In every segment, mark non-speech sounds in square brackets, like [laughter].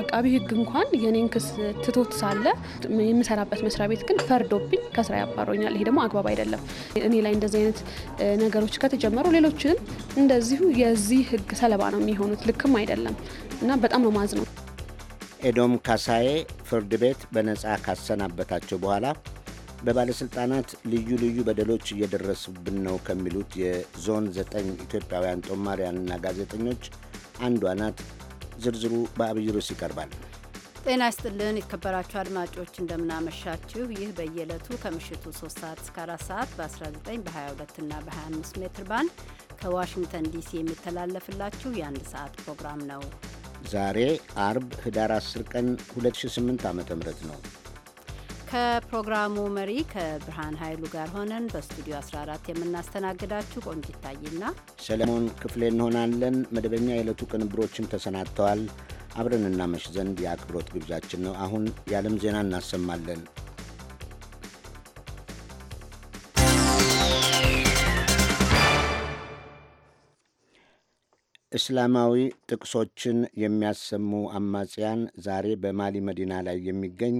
አቃቢ ህግ እንኳን የኔን ክስ ትቶት ሳለ የምሰራበት መስሪያ ቤት ግን ፈርዶብኝ ከስራ ያባሮኛል። ይሄ ደግሞ አግባብ አይደለም። እኔ ላይ እንደዚህ አይነት ነገሮች ከተጀመሩ ሌሎችንም እንደዚሁ የዚህ ህግ ሰለባ ነው የሚሆኑት። ልክም አይደለም እና በጣም ነው ማዝ ነው። ኤዶም ካሳዬ ፍርድ ቤት በነጻ ካሰናበታቸው በኋላ በባለሥልጣናት ልዩ ልዩ በደሎች እየደረሱብን ነው ከሚሉት የዞን ዘጠኝ ኢትዮጵያውያን ጦማሪያንና ጋዜጠኞች አንዷ ናት። ዝርዝሩ በአብይ ርዕስ ይቀርባል። ጤና ይስጥልን የተከበራችሁ አድማጮች እንደምናመሻችሁ። ይህ በየዕለቱ ከምሽቱ 3 ሰዓት እስከ 4 ሰዓት በ19 በ22 እና በ25 ሜትር ባንድ ከዋሽንግተን ዲሲ የሚተላለፍላችሁ የአንድ ሰዓት ፕሮግራም ነው። ዛሬ አርብ ህዳር 10 ቀን 2008 ዓ ም ነው። ከፕሮግራሙ መሪ ከብርሃን ኃይሉ ጋር ሆነን በስቱዲዮ 14 የምናስተናግዳችሁ ቆንጅ ይታይና ሰለሞን ክፍሌ እንሆናለን። መደበኛ የዕለቱ ቅንብሮችም ተሰናድተዋል። አብረን እናመሽ ዘንድ የአክብሮት ግብዣችን ነው። አሁን የዓለም ዜና እናሰማለን። እስላማዊ ጥቅሶችን የሚያሰሙ አማጽያን ዛሬ በማሊ መዲና ላይ የሚገኝ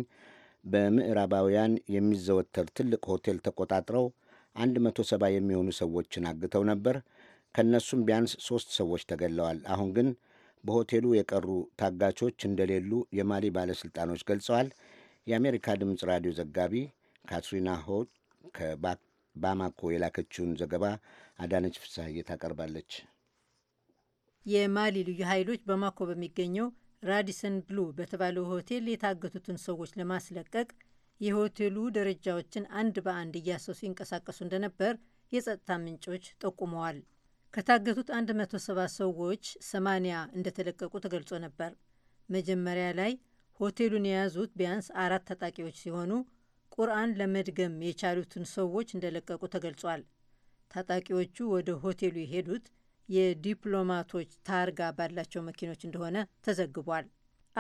በምዕራባውያን የሚዘወተር ትልቅ ሆቴል ተቆጣጥረው 170 የሚሆኑ ሰዎችን አግተው ነበር። ከእነሱም ቢያንስ ሦስት ሰዎች ተገለዋል። አሁን ግን በሆቴሉ የቀሩ ታጋቾች እንደሌሉ የማሊ ባለሥልጣኖች ገልጸዋል። የአሜሪካ ድምፅ ራዲዮ ዘጋቢ ካትሪና ሆ ከባማኮ የላከችውን ዘገባ አዳነች ፍስሐዬ ታቀርባለች። የማሊ ልዩ ኃይሎች ባማኮ በሚገኘው ራዲሰን ብሉ በተባለው ሆቴል የታገቱትን ሰዎች ለማስለቀቅ የሆቴሉ ደረጃዎችን አንድ በአንድ እያሰሱ ይንቀሳቀሱ እንደነበር የጸጥታ ምንጮች ጠቁመዋል። ከታገቱት 170 ሰዎች 80 እንደተለቀቁ ተገልጾ ነበር። መጀመሪያ ላይ ሆቴሉን የያዙት ቢያንስ አራት ታጣቂዎች ሲሆኑ ቁርአን ለመድገም የቻሉትን ሰዎች እንደለቀቁ ተገልጿል። ታጣቂዎቹ ወደ ሆቴሉ የሄዱት የዲፕሎማቶች ታርጋ ባላቸው መኪኖች እንደሆነ ተዘግቧል።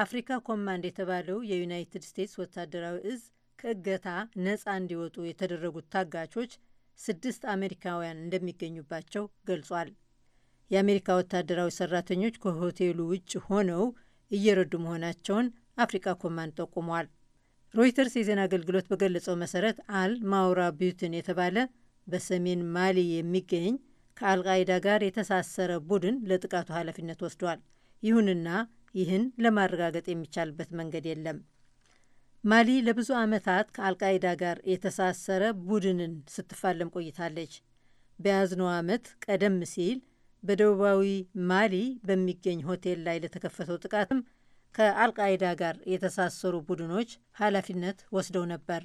አፍሪካ ኮማንድ የተባለው የዩናይትድ ስቴትስ ወታደራዊ እዝ ከእገታ ነፃ እንዲወጡ የተደረጉት ታጋቾች ስድስት አሜሪካውያን እንደሚገኙባቸው ገልጿል። የአሜሪካ ወታደራዊ ሰራተኞች ከሆቴሉ ውጭ ሆነው እየረዱ መሆናቸውን አፍሪካ ኮማንድ ጠቁሟል። ሮይተርስ የዜና አገልግሎት በገለጸው መሰረት አል ማውራ ቢዩትን የተባለ በሰሜን ማሊ የሚገኝ ከአልቃይዳ ጋር የተሳሰረ ቡድን ለጥቃቱ ኃላፊነት ወስዷል። ይሁንና ይህን ለማረጋገጥ የሚቻልበት መንገድ የለም። ማሊ ለብዙ ዓመታት ከአልቃይዳ ጋር የተሳሰረ ቡድንን ስትፋለም ቆይታለች። በያዝነው ዓመት ቀደም ሲል በደቡባዊ ማሊ በሚገኝ ሆቴል ላይ ለተከፈተው ጥቃትም ከአልቃይዳ ጋር የተሳሰሩ ቡድኖች ኃላፊነት ወስደው ነበር።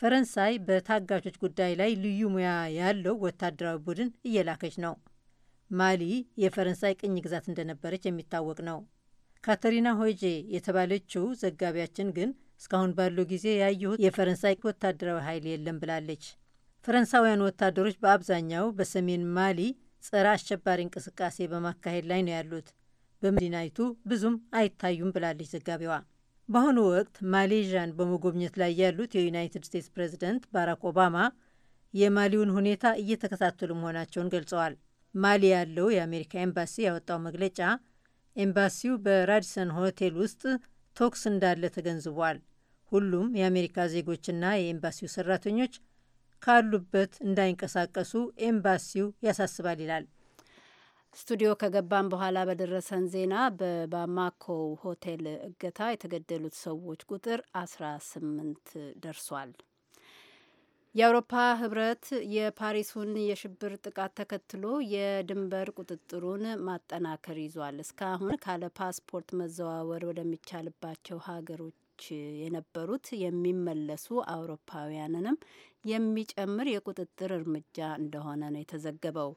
ፈረንሳይ በታጋቾች ጉዳይ ላይ ልዩ ሙያ ያለው ወታደራዊ ቡድን እየላከች ነው። ማሊ የፈረንሳይ ቅኝ ግዛት እንደነበረች የሚታወቅ ነው። ካተሪና ሆጄ የተባለችው ዘጋቢያችን ግን እስካሁን ባለው ጊዜ ያየሁት የፈረንሳይ ወታደራዊ ኃይል የለም ብላለች። ፈረንሳውያን ወታደሮች በአብዛኛው በሰሜን ማሊ ጸረ አሸባሪ እንቅስቃሴ በማካሄድ ላይ ነው ያሉት። በመዲናይቱ ብዙም አይታዩም ብላለች ዘጋቢዋ። በአሁኑ ወቅት ማሌዥያን በመጎብኘት ላይ ያሉት የዩናይትድ ስቴትስ ፕሬዝደንት ባራክ ኦባማ የማሊውን ሁኔታ እየተከታተሉ መሆናቸውን ገልጸዋል። ማሊ ያለው የአሜሪካ ኤምባሲ ያወጣው መግለጫ ኤምባሲው በራዲሰን ሆቴል ውስጥ ተኩስ እንዳለ ተገንዝቧል። ሁሉም የአሜሪካ ዜጎችና የኤምባሲው ሰራተኞች ካሉበት እንዳይንቀሳቀሱ ኤምባሲው ያሳስባል ይላል። ስቱዲዮ ከገባን በኋላ በደረሰን ዜና በባማኮ ሆቴል እገታ የተገደሉት ሰዎች ቁጥር አስራ ስምንት ደርሷል። የአውሮፓ ህብረት የፓሪሱን የሽብር ጥቃት ተከትሎ የድንበር ቁጥጥሩን ማጠናከር ይዟል። እስካሁን ካለ ፓስፖርት መዘዋወር ወደሚቻልባቸው ሀገሮች የነበሩት የሚመለሱ አውሮፓውያንንም የሚጨምር የቁጥጥር እርምጃ እንደሆነ ነው የተዘገበው።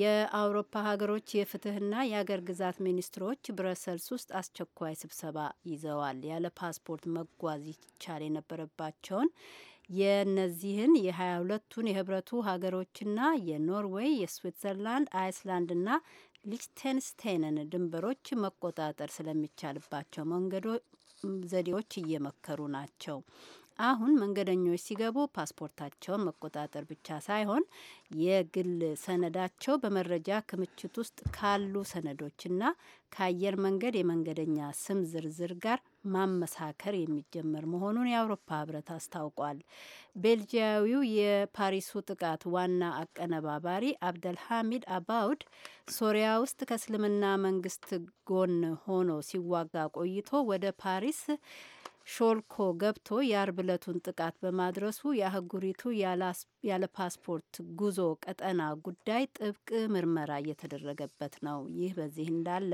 የአውሮፓ ሀገሮች የፍትህና የአገር ግዛት ሚኒስትሮች ብረሰልስ ውስጥ አስቸኳይ ስብሰባ ይዘዋል። ያለ ፓስፖርት መጓዝ ይቻል የነበረባቸውን የነዚህን የሀያ ሁለቱን የህብረቱ ሀገሮችና የኖርዌይ፣ የስዊትዘርላንድ፣ አይስላንድና ሊችተንስቴንን ድንበሮች መቆጣጠር ስለሚቻልባቸው መንገዶች ዘዴዎች እየመከሩ ናቸው። አሁን መንገደኞች ሲገቡ ፓስፖርታቸውን መቆጣጠር ብቻ ሳይሆን የግል ሰነዳቸው በመረጃ ክምችት ውስጥ ካሉ ሰነዶችና ከአየር መንገድ የመንገደኛ ስም ዝርዝር ጋር ማመሳከር የሚጀመር መሆኑን የአውሮፓ ህብረት አስታውቋል። ቤልጂያዊው የፓሪሱ ጥቃት ዋና አቀነባባሪ አብደልሐሚድ አባውድ ሶሪያ ውስጥ ከእስልምና መንግስት ጎን ሆኖ ሲዋጋ ቆይቶ ወደ ፓሪስ ሾልኮ ገብቶ የአርብ ዕለቱን ጥቃት በማድረሱ የአህጉሪቱ ያለ ፓስፖርት ጉዞ ቀጠና ጉዳይ ጥብቅ ምርመራ እየተደረገበት ነው። ይህ በዚህ እንዳለ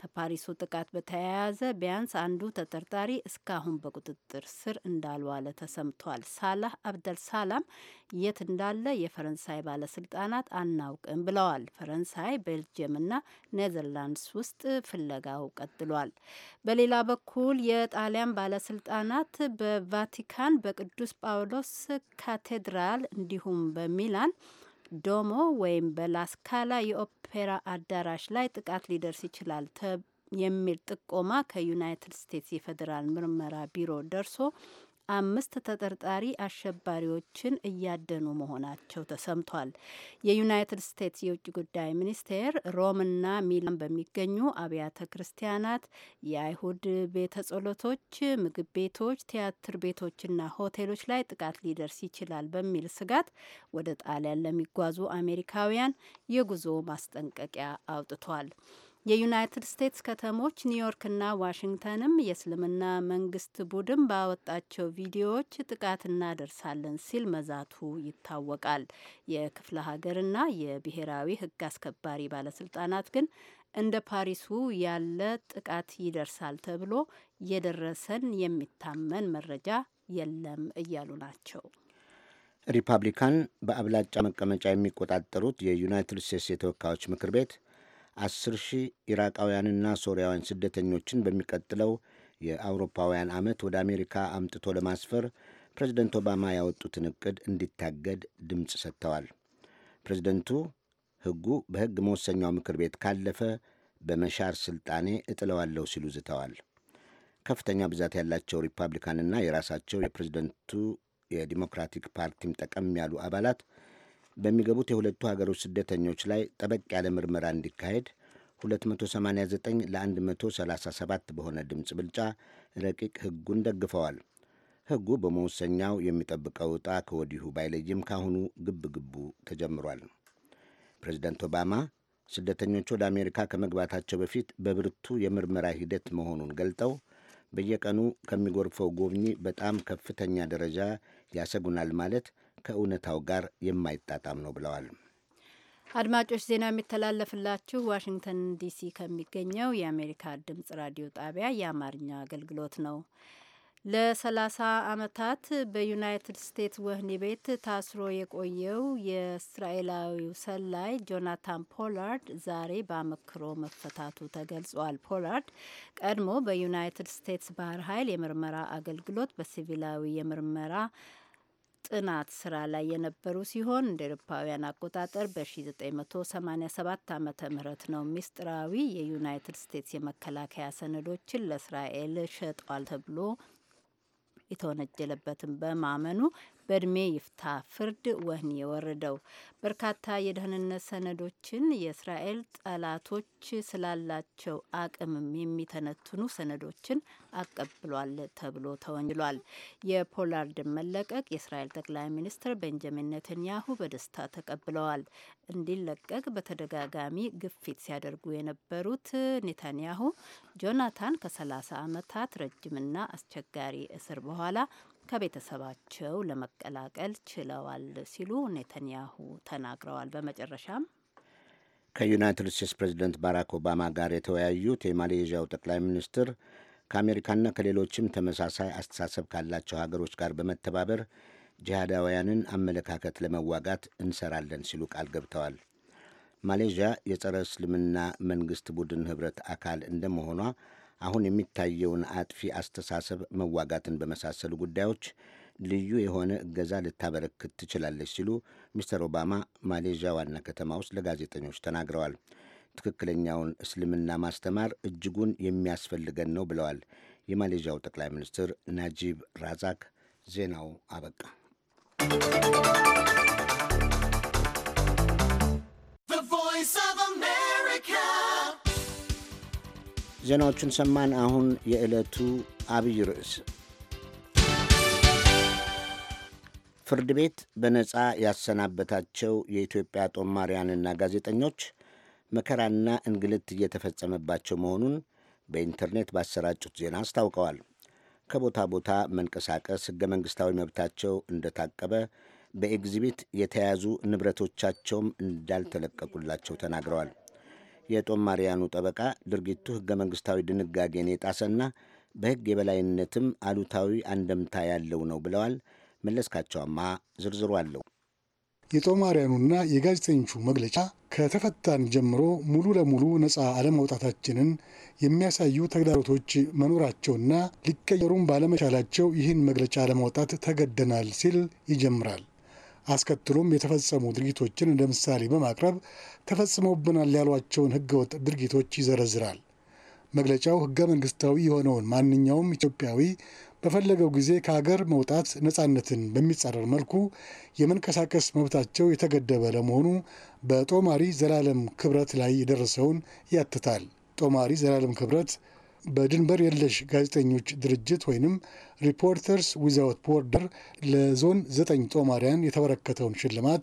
ከፓሪሱ ጥቃት በተያያዘ ቢያንስ አንዱ ተጠርጣሪ እስካሁን በቁጥጥር ስር እንዳልዋለ ተሰምቷል። ሳላህ አብደል ሳላም የት እንዳለ የፈረንሳይ ባለስልጣናት አናውቅም ብለዋል። ፈረንሳይ፣ ቤልጅየምና ኔዘርላንድስ ውስጥ ፍለጋው ቀጥሏል። በሌላ በኩል የጣሊያን ባለስልጣናት በቫቲካን በቅዱስ ጳውሎስ ካቴድራል እንዲሁም በሚላን ዶሞ ወይም በላስካላ የኦፔራ አዳራሽ ላይ ጥቃት ሊደርስ ይችላል የሚል ጥቆማ ከዩናይትድ ስቴትስ የፌዴራል ምርመራ ቢሮ ደርሶ አምስት ተጠርጣሪ አሸባሪዎችን እያደኑ መሆናቸው ተሰምቷል። የዩናይትድ ስቴትስ የውጭ ጉዳይ ሚኒስቴር ሮምና ሚላን በሚገኙ አብያተ ክርስቲያናት፣ የአይሁድ ቤተ ጸሎቶች፣ ምግብ ቤቶች፣ ቲያትር ቤቶችና ሆቴሎች ላይ ጥቃት ሊደርስ ይችላል በሚል ስጋት ወደ ጣሊያን ለሚጓዙ አሜሪካውያን የጉዞ ማስጠንቀቂያ አውጥቷል። የዩናይትድ ስቴትስ ከተሞች ኒውዮርክና ዋሽንግተንም የእስልምና መንግስት ቡድን ባወጣቸው ቪዲዮዎች ጥቃት እናደርሳለን ሲል መዛቱ ይታወቃል። የክፍለ ሀገርና የብሔራዊ ህግ አስከባሪ ባለስልጣናት ግን እንደ ፓሪሱ ያለ ጥቃት ይደርሳል ተብሎ የደረሰን የሚታመን መረጃ የለም እያሉ ናቸው። ሪፐብሊካን በአብላጫ መቀመጫ የሚቆጣጠሩት የዩናይትድ ስቴትስ የተወካዮች ምክር ቤት አስር ሺህ ኢራቃውያንና ሶሪያውያን ስደተኞችን በሚቀጥለው የአውሮፓውያን ዓመት ወደ አሜሪካ አምጥቶ ለማስፈር ፕሬዝደንት ኦባማ ያወጡትን እቅድ እንዲታገድ ድምፅ ሰጥተዋል። ፕሬዝደንቱ ሕጉ በሕግ መወሰኛው ምክር ቤት ካለፈ በመሻር ሥልጣኔ እጥለዋለሁ ሲሉ ዝተዋል። ከፍተኛ ብዛት ያላቸው ሪፐብሊካንና የራሳቸው የፕሬዝደንቱ የዲሞክራቲክ ፓርቲም ጠቀም ያሉ አባላት በሚገቡት የሁለቱ ሀገሮች ስደተኞች ላይ ጠበቅ ያለ ምርመራ እንዲካሄድ 289 ለ137 በሆነ ድምፅ ብልጫ ረቂቅ ሕጉን ደግፈዋል። ሕጉ በመወሰኛው የሚጠብቀው ዕጣ ከወዲሁ ባይለይም ካሁኑ ግብ ግቡ ተጀምሯል። ፕሬዚደንት ኦባማ ስደተኞቹ ወደ አሜሪካ ከመግባታቸው በፊት በብርቱ የምርመራ ሂደት መሆኑን ገልጠው በየቀኑ ከሚጎርፈው ጎብኚ በጣም ከፍተኛ ደረጃ ያሰጉናል ማለት ከእውነታው ጋር የማይጣጣም ነው ብለዋል። አድማጮች ዜና የሚተላለፍላችሁ ዋሽንግተን ዲሲ ከሚገኘው የአሜሪካ ድምጽ ራዲዮ ጣቢያ የአማርኛ አገልግሎት ነው። ለ30 ዓመታት በዩናይትድ ስቴትስ ወህኒ ቤት ታስሮ የቆየው የእስራኤላዊው ሰላይ ጆናታን ፖላርድ ዛሬ በአመክሮ መፈታቱ ተገልጿል። ፖላርድ ቀድሞ በዩናይትድ ስቴትስ ባህር ኃይል የምርመራ አገልግሎት በሲቪላዊ የምርመራ ጥናት ስራ ላይ የነበሩ ሲሆን እንደ ኤሮፓውያን አቆጣጠር በ1987 ዓ ም ነው ሚስጥራዊ የዩናይትድ ስቴትስ የመከላከያ ሰነዶችን ለእስራኤል ሸጧል ተብሎ የተወነጀለበትን በማመኑ በእድሜ ይፍታ ፍርድ ወህኒ የወረደው በርካታ የደህንነት ሰነዶችን የእስራኤል ጠላቶች ስላላቸው አቅምም የሚተነትኑ ሰነዶችን አቀብሏል ተብሎ ተወንጅሏል። የፖላርድን መለቀቅ የእስራኤል ጠቅላይ ሚኒስትር ቤንጃሚን ኔተንያሁ በደስታ ተቀብለዋል። እንዲለቀቅ በተደጋጋሚ ግፊት ሲያደርጉ የነበሩት ኔታንያሁ ጆናታን ከ30 ዓመታት ረጅምና አስቸጋሪ እስር በኋላ ከቤተሰባቸው ለመቀላቀል ችለዋል ሲሉ ኔተንያሁ ተናግረዋል። በመጨረሻም ከዩናይትድ ስቴትስ ፕሬዚደንት ባራክ ኦባማ ጋር የተወያዩት የማሌዥያው ጠቅላይ ሚኒስትር ከአሜሪካና ከሌሎችም ተመሳሳይ አስተሳሰብ ካላቸው ሀገሮች ጋር በመተባበር ጂሃዳውያንን አመለካከት ለመዋጋት እንሰራለን ሲሉ ቃል ገብተዋል። ማሌዥያ የጸረ እስልምና መንግሥት ቡድን ኅብረት አካል እንደመሆኗ አሁን የሚታየውን አጥፊ አስተሳሰብ መዋጋትን በመሳሰሉ ጉዳዮች ልዩ የሆነ እገዛ ልታበረክት ትችላለች ሲሉ ሚስተር ኦባማ ማሌዥያ ዋና ከተማ ውስጥ ለጋዜጠኞች ተናግረዋል። ትክክለኛውን እስልምና ማስተማር እጅጉን የሚያስፈልገን ነው ብለዋል የማሌዥያው ጠቅላይ ሚኒስትር ናጂብ ራዛክ። ዜናው አበቃ። ዜናዎቹን ሰማን። አሁን የዕለቱ አብይ ርዕስ ፍርድ ቤት በነፃ ያሰናበታቸው የኢትዮጵያ ጦማሪያንና ጋዜጠኞች መከራና እንግልት እየተፈጸመባቸው መሆኑን በኢንተርኔት ባሰራጩት ዜና አስታውቀዋል። ከቦታ ቦታ መንቀሳቀስ ሕገ መንግሥታዊ መብታቸው እንደታቀበ፣ በኤግዚቢት የተያዙ ንብረቶቻቸውም እንዳልተለቀቁላቸው ተናግረዋል። የጦማሪያኑ ጠበቃ ድርጊቱ ሕገ መንግሥታዊ ድንጋጌን የጣሰና በሕግ የበላይነትም አሉታዊ አንደምታ ያለው ነው ብለዋል። መለስካቸውማ ዝርዝሩ አለው። የጦማሪያኑና የጋዜጠኞቹ መግለጫ ከተፈታን ጀምሮ ሙሉ ለሙሉ ነፃ አለማውጣታችንን የሚያሳዩ ተግዳሮቶች መኖራቸውና ሊቀየሩም ባለመቻላቸው ይህን መግለጫ ለማውጣት ተገደናል ሲል ይጀምራል። አስከትሎም የተፈጸሙ ድርጊቶችን እንደ ምሳሌ በማቅረብ ተፈጽመውብናል ያሏቸውን ህገወጥ ድርጊቶች ይዘረዝራል። መግለጫው ህገ መንግስታዊ የሆነውን ማንኛውም ኢትዮጵያዊ በፈለገው ጊዜ ከሀገር መውጣት ነፃነትን በሚጻረር መልኩ የመንቀሳቀስ መብታቸው የተገደበ ለመሆኑ በጦማሪ ዘላለም ክብረት ላይ የደረሰውን ያትታል። ጦማሪ ዘላለም ክብረት በድንበር የለሽ ጋዜጠኞች ድርጅት ወይንም ሪፖርተርስ ዊዛውት ቦርደር ለዞን ዘጠኝ ጦማሪያን የተበረከተውን ሽልማት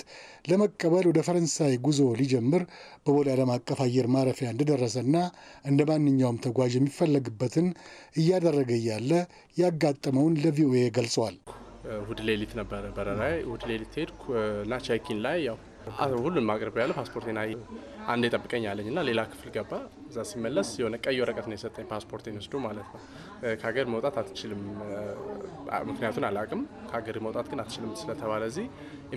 ለመቀበል ወደ ፈረንሳይ ጉዞ ሊጀምር በቦሌ ዓለም አቀፍ አየር ማረፊያ እንደደረሰና እንደ ማንኛውም ተጓዥ የሚፈለግበትን እያደረገ እያለ ያጋጠመውን ለቪኦኤ ገልጸዋል። እሑድ ሌሊት ነበረ በረራ። እሑድ ሌሊት ሄድኩ እና ቼኪን ላይ ያው ሁሉንም አቅርቤ ያለ ና አንዴ ጠብቀኝ አለኝ እና ሌላ ክፍል ገባ። እዛ ሲመለስ የሆነ ቀይ ወረቀት ነው የሰጠኝ፣ ፓስፖርቴን ወስዶ ማለት ነው። ከሀገር መውጣት አትችልም፣ ምክንያቱን አላውቅም። ከሀገር መውጣት ግን አትችልም ስለተባለ እዚህ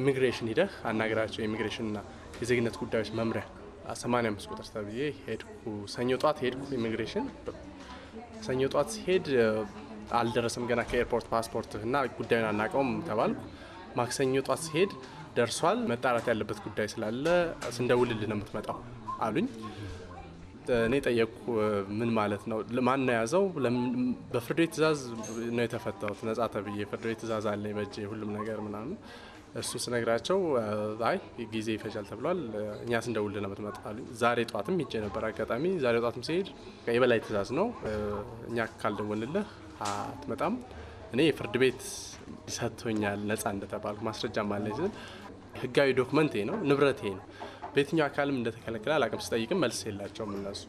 ኢሚግሬሽን ሂደህ አናገራቸው፣ ኢሚግሬሽንና የዜግነት ጉዳዮች መምሪያ 85 ቁጥር ተብዬ ሄድኩ። ሰኞ ጠዋት ሄድኩ ኢሚግሬሽን። ሰኞ ጠዋት ሲሄድ አልደረሰም ገና ከኤርፖርት ፓስፖርት እና ጉዳዩን አናውቀውም ተባልኩ። ማክሰኞ ጠዋት ሲሄድ ደርሷል፣ መጣራት ያለበት ጉዳይ ስላለ ስንደውልልህ ነው የምትመጣው አሉኝ። እኔ ጠየቅኩ፣ ምን ማለት ነው? ማን ነው ያዘው? በፍርድ ቤት ትእዛዝ ነው የተፈታሁት ነጻ ተብዬ ፍርድ ቤት ትእዛዝ አለ በእጄ ሁሉም ነገር ምናምን። እሱ ስነግራቸው አይ ጊዜ ይፈጃል ተብሏል፣ እኛ ስንደውልልህ ነው የምትመጣው አሉኝ። ዛሬ ጠዋትም ሄጄ ነበር አጋጣሚ። ዛሬ ጠዋትም ሲሄድ የበላይ ትእዛዝ ነው፣ እኛ ካልደወልንልህ አትመጣም። እኔ የፍርድ ቤት ሰጥቶኛል ነጻ እንደተባልኩ ማስረጃም አለኝ ስል ህጋዊ ዶክመንቴ ነው፣ ንብረቴ ነው። በየትኛው አካልም እንደተከለከለ አላቅም። ስጠይቅም መልስ የላቸውም እነሱ።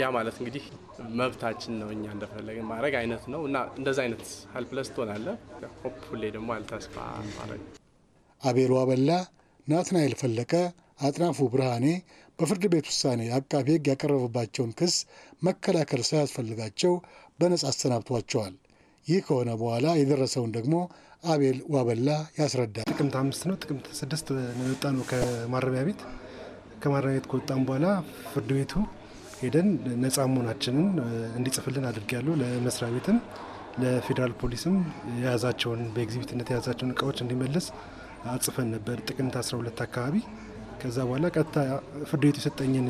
ያ ማለት እንግዲህ መብታችን ነው እኛ እንደፈለገ ማድረግ አይነት ነው እና እንደዚ አይነት ሀልፕለስ ትሆናለ። ሆፕፉሌ ደግሞ አልተስፋ ማድረግ አቤል ዋበላ፣ ናትናኤል ፈለቀ፣ አጥናፉ ብርሃኔ በፍርድ ቤት ውሳኔ አቃቢ ህግ ያቀረበባቸውን ክስ መከላከል ሳያስፈልጋቸው በነጻ አሰናብቷቸዋል። ይህ ከሆነ በኋላ የደረሰውን ደግሞ አቤል ዋበላ ያስረዳል። ጥቅምት አምስት ነው ጥቅምት ስድስት ወጣ ነው ከማረሚያ ቤት። ከማረሚያ ቤት ከወጣም በኋላ ፍርድ ቤቱ ሄደን ነጻ መሆናችንን እንዲጽፍልን አድርጌያለሁ። ለመስሪያ ቤትም ለፌዴራል ፖሊስም የያዛቸውን በኤግዚቢትነት የያዛቸውን እቃዎች እንዲመልስ አጽፈን ነበር ጥቅምት 12 አካባቢ። ከዛ በኋላ ቀጥታ ፍርድ ቤቱ የሰጠኝን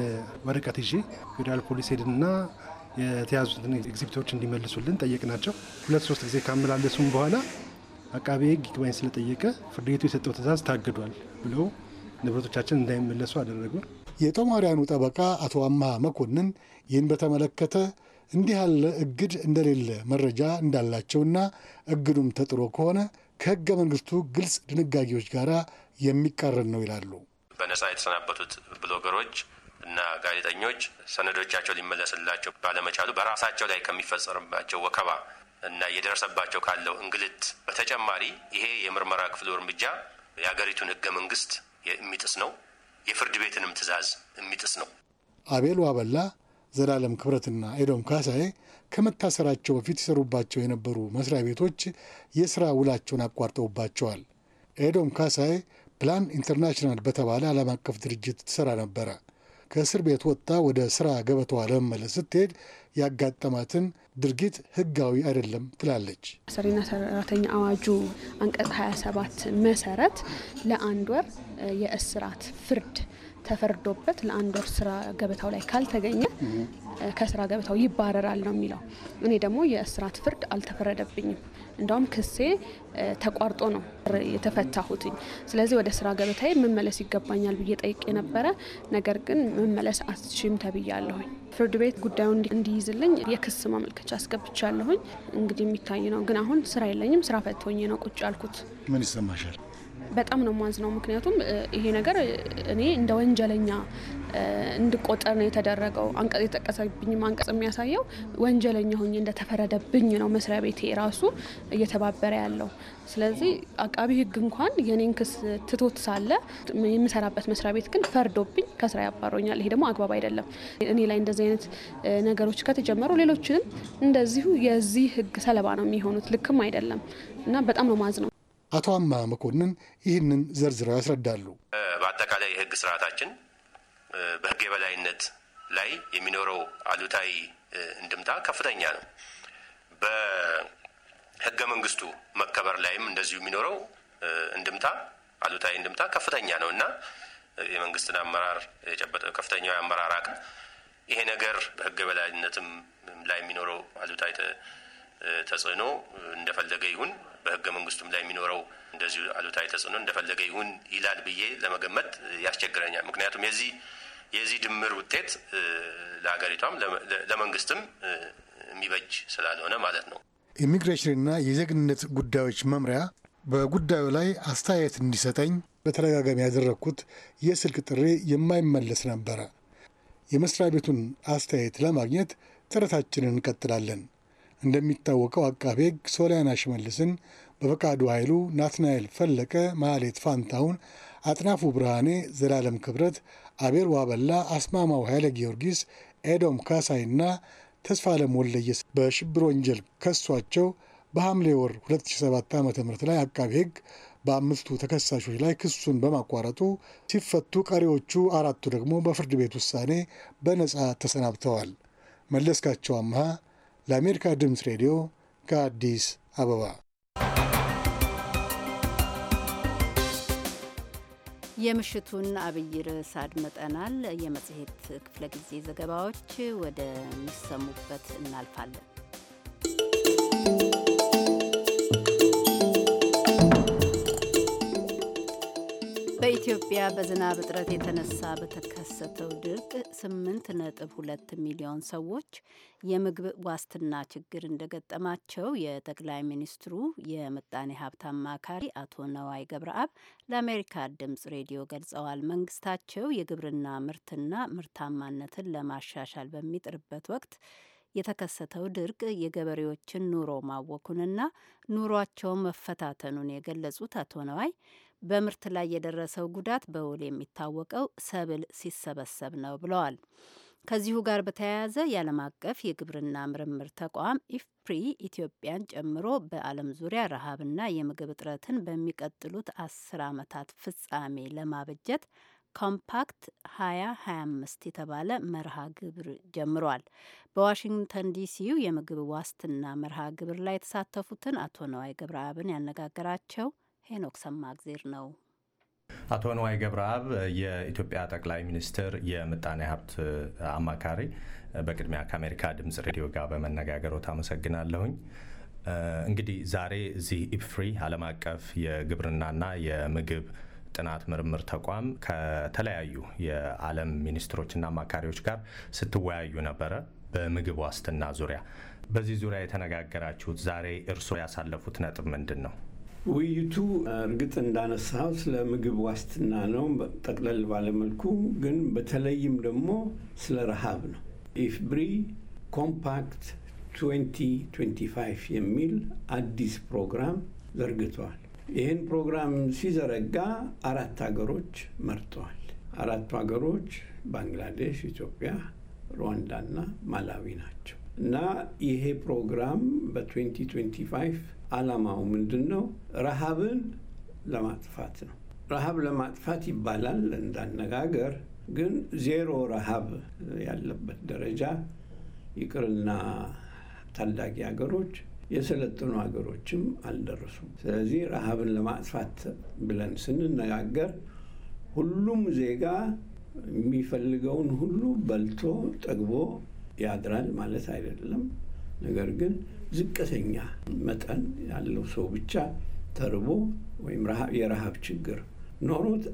ወረቀት ይዤ ፌዴራል ፖሊስ ሄድንና የተያዙትን ኤግዚቢቶች እንዲመልሱልን ጠየቅናቸው። ሁለት ሶስት ጊዜ ካመላለሱም በኋላ አቃቤ ሕግ ይግባኝ ስለጠየቀ ፍርድ ቤቱ የሰጠው ትእዛዝ ታግዷል ብለው ንብረቶቻችን እንዳይመለሱ አደረጉ። የጦማሪያኑ ጠበቃ አቶ አምሃ መኮንን ይህን በተመለከተ እንዲህ ያለ እግድ እንደሌለ መረጃ እንዳላቸውና እግዱም ተጥሮ ከሆነ ከህገ መንግስቱ ግልጽ ድንጋጌዎች ጋር የሚቃረን ነው ይላሉ። በነጻ የተሰናበቱት ብሎገሮች እና ጋዜጠኞች ሰነዶቻቸው ሊመለስላቸው ባለመቻሉ በራሳቸው ላይ ከሚፈጸምባቸው ወከባ እና እየደረሰባቸው ካለው እንግልት በተጨማሪ ይሄ የምርመራ ክፍሉ እርምጃ የሀገሪቱን ህገ መንግስት የሚጥስ ነው፣ የፍርድ ቤትንም ትዕዛዝ የሚጥስ ነው። አቤል ዋበላ፣ ዘላለም ክብረትና ኤዶም ካሳዬ ከመታሰራቸው በፊት ይሰሩባቸው የነበሩ መስሪያ ቤቶች የስራ ውላቸውን አቋርጠውባቸዋል። ኤዶም ካሳዬ ፕላን ኢንተርናሽናል በተባለ ዓለም አቀፍ ድርጅት ትሰራ ነበረ። ከእስር ቤት ወጥታ ወደ ስራ ገበቷ ለመመለስ ስትሄድ ያጋጠማትን ድርጊት ህጋዊ አይደለም ትላለች። አሰሪና ሰራተኛ አዋጁ አንቀጽ 27 መሰረት ለአንድ ወር የእስራት ፍርድ ተፈርዶበት ለአንድ ወር ስራ ገበታው ላይ ካልተገኘ ከስራ ገበታው ይባረራል ነው የሚለው። እኔ ደግሞ የእስራት ፍርድ አልተፈረደብኝም። እንዳውም ክሴ ተቋርጦ ነው የተፈታሁትኝ። ስለዚህ ወደ ስራ ገበታዬ መመለስ ይገባኛል ብዬ ጠይቄ ነበረ። ነገር ግን መመለስ አትችም ተብያለሁኝ። ፍርድ ቤት ጉዳዩን እንዲይዝልኝ የክስ ማመልከቻ አስገብቻለሁኝ። እንግዲህ የሚታይ ነው። ግን አሁን ስራ የለኝም። ስራ ፈቶኝ ነው ቁጭ ያልኩት። ምን ይሰማሻል? በጣም ነው ማንዝ ነው። ምክንያቱም ይሄ ነገር እኔ እንደ ወንጀለኛ እንድቆጠር ነው የተደረገው። አንቀጽ የተጠቀሰብኝም አንቀጽ የሚያሳየው ወንጀለኛ ሆኜ እንደተፈረደብኝ ነው መስሪያ ቤቴ ራሱ እየተባበረ ያለው። ስለዚህ አቃቢ ሕግ እንኳን የኔን ክስ ትቶት ሳለ የምሰራበት መስሪያ ቤት ግን ፈርዶብኝ ከስራ ያባሮኛል። ይሄ ደግሞ አግባብ አይደለም። እኔ ላይ እንደዚህ አይነት ነገሮች ከተጀመሩ ሌሎችንም እንደዚሁ የዚህ ሕግ ሰለባ ነው የሚሆኑት። ልክም አይደለም እና በጣም ነው ማዝ ነው። አቶ አማ መኮንን ይህንን ዘርዝረው ያስረዳሉ። በአጠቃላይ የህግ ስርዓታችን በህግ የበላይነት ላይ የሚኖረው አሉታዊ እንድምታ ከፍተኛ ነው። በህገ መንግስቱ መከበር ላይም እንደዚሁ የሚኖረው እንድምታ አሉታዊ እንድምታ ከፍተኛ ነው እና የመንግስትን አመራር የጨበጠው ከፍተኛው የአመራር አቅም ይሄ ነገር በህገ በላይነትም ላይ የሚኖረው አሉታዊ ተጽዕኖ እንደፈለገ ይሁን በህገ መንግስቱም ላይ የሚኖረው እንደዚሁ አሉታዊ ተጽዕኖ እንደፈለገ ይሁን ይላል ብዬ ለመገመት ያስቸግረኛል። ምክንያቱም የዚህ የዚህ ድምር ውጤት ለሀገሪቷም ለመንግስትም የሚበጅ ስላልሆነ ማለት ነው። ኢሚግሬሽንና የዜግነት ጉዳዮች መምሪያ በጉዳዩ ላይ አስተያየት እንዲሰጠኝ በተደጋጋሚ ያደረግኩት የስልክ ጥሪ የማይመለስ ነበረ። የመስሪያ ቤቱን አስተያየት ለማግኘት ጥረታችንን እንቀጥላለን። እንደሚታወቀው አቃቤ ሕግ ሶሊያና ሽመልስን፣ በፈቃዱ ኃይሉ፣ ናትናኤል ፈለቀ፣ ማህሌት ፋንታሁን፣ አጥናፉ ብርሃኔ፣ ዘላለም ክብረት፣ አቤል ዋበላ፣ አስማማው ኃይለ ጊዮርጊስ፣ ኤዶም ካሳይና ተስፋለም ወለየስ በሽብር ወንጀል ከሷቸው በሐምሌ ወር 2007 ዓ ም ላይ አቃቤ ሕግ በአምስቱ ተከሳሾች ላይ ክሱን በማቋረጡ ሲፈቱ፣ ቀሪዎቹ አራቱ ደግሞ በፍርድ ቤት ውሳኔ በነፃ ተሰናብተዋል። መለስካቸው አምሃ ለአሜሪካ ድምፅ ሬዲዮ ከአዲስ አበባ። የምሽቱን አብይ ርዕስ አድምጠናል። የመጽሔት ክፍለ ጊዜ ዘገባዎች ወደሚሰሙበት እናልፋለን። በኢትዮጵያ በዝናብ እጥረት የተነሳ በተከሰተው ድርቅ ነጥብ ሁለት ሚሊዮን ሰዎች የምግብ ዋስትና ችግር እንደገጠማቸው የጠቅላይ ሚኒስትሩ የምጣኔ ሀብት አማካሪ አቶ ነዋይ ገብረአብ ለአሜሪካ ድምጽ ሬዲዮ ገልጸዋል። መንግስታቸው የግብርና ምርትና ምርታማነትን ለማሻሻል በሚጥርበት ወቅት የተከሰተው ድርቅ የገበሬዎችን ኑሮ ማወኩንና ኑሯቸውን መፈታተኑን የገለጹት አቶ ነዋይ በምርት ላይ የደረሰው ጉዳት በውል የሚታወቀው ሰብል ሲሰበሰብ ነው ብለዋል። ከዚሁ ጋር በተያያዘ የዓለም አቀፍ የግብርና ምርምር ተቋም ኢፍፕሪ ኢትዮጵያን ጨምሮ በዓለም ዙሪያ ረሃብና የምግብ እጥረትን በሚቀጥሉት አስር ዓመታት ፍጻሜ ለማበጀት ኮምፓክት 2025 የተባለ መርሃ ግብር ጀምሯል። በዋሽንግተን ዲሲው የምግብ ዋስትና መርሃ ግብር ላይ የተሳተፉትን አቶ ነዋይ ገብረአብን ያነጋገራቸው ሄኖክ ሰማእግዜር ነው። አቶ ንዋይ ገብረአብ የኢትዮጵያ ጠቅላይ ሚኒስትር የምጣኔ ሀብት አማካሪ፣ በቅድሚያ ከአሜሪካ ድምፅ ሬዲዮ ጋር በመነጋገሮ ታመሰግናለሁኝ እንግዲህ ዛሬ እዚህ ኢፕፍሪ ዓለም አቀፍ የግብርናና የምግብ ጥናት ምርምር ተቋም ከተለያዩ የዓለም ሚኒስትሮችና አማካሪዎች ጋር ስትወያዩ ነበረ በምግብ ዋስትና ዙሪያ። በዚህ ዙሪያ የተነጋገራችሁት ዛሬ እርስዎ ያሳለፉት ነጥብ ምንድን ነው? ውይይቱ እርግጥ እንዳነሳው ስለ ምግብ ዋስትና ነው ጠቅለል ባለመልኩ፣ ግን በተለይም ደግሞ ስለ ረሃብ ነው። ኢፍብሪ ኮምፓክት 2025 የሚል አዲስ ፕሮግራም ዘርግተዋል። ይህን ፕሮግራም ሲዘረጋ አራት ሀገሮች መርጠዋል። አራቱ ሀገሮች ባንግላዴሽ፣ ኢትዮጵያ፣ ሩዋንዳ ማላዊ ናቸው እና ይሄ ፕሮግራም በ2025 አላማው ምንድን ነው? ረሃብን ለማጥፋት ነው። ረሃብ ለማጥፋት ይባላል እንዳነጋገር። ግን ዜሮ ረሃብ ያለበት ደረጃ ይቅርና ታዳጊ ሀገሮች የሰለጠኑ ሀገሮችም አልደረሱም። ስለዚህ ረሃብን ለማጥፋት ብለን ስንነጋገር ሁሉም ዜጋ የሚፈልገውን ሁሉ በልቶ ጠግቦ ያድራል ማለት አይደለም። ነገር ግን ዝቅተኛ መጠን ያለው ሰው ብቻ ተርቦ ወይም የረሃብ ችግር ኖሮት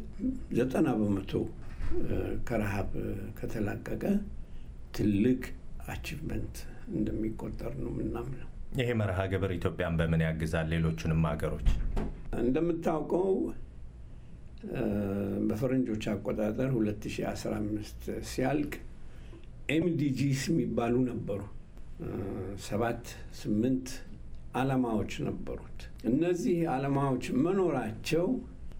ዘጠና በመቶ ከረሃብ ከተላቀቀ ትልቅ አቺቭመንት እንደሚቆጠር ነው የምናምነው። ይሄ መርሃ ግብር ኢትዮጵያን በምን ያግዛል? ሌሎቹንም ሀገሮች እንደምታውቀው በፈረንጆች አቆጣጠር 2015 ሲያልቅ ኤምዲጂስ የሚባሉ ነበሩ ሰባት ስምንት ዓላማዎች ነበሩት። እነዚህ ዓላማዎች መኖራቸው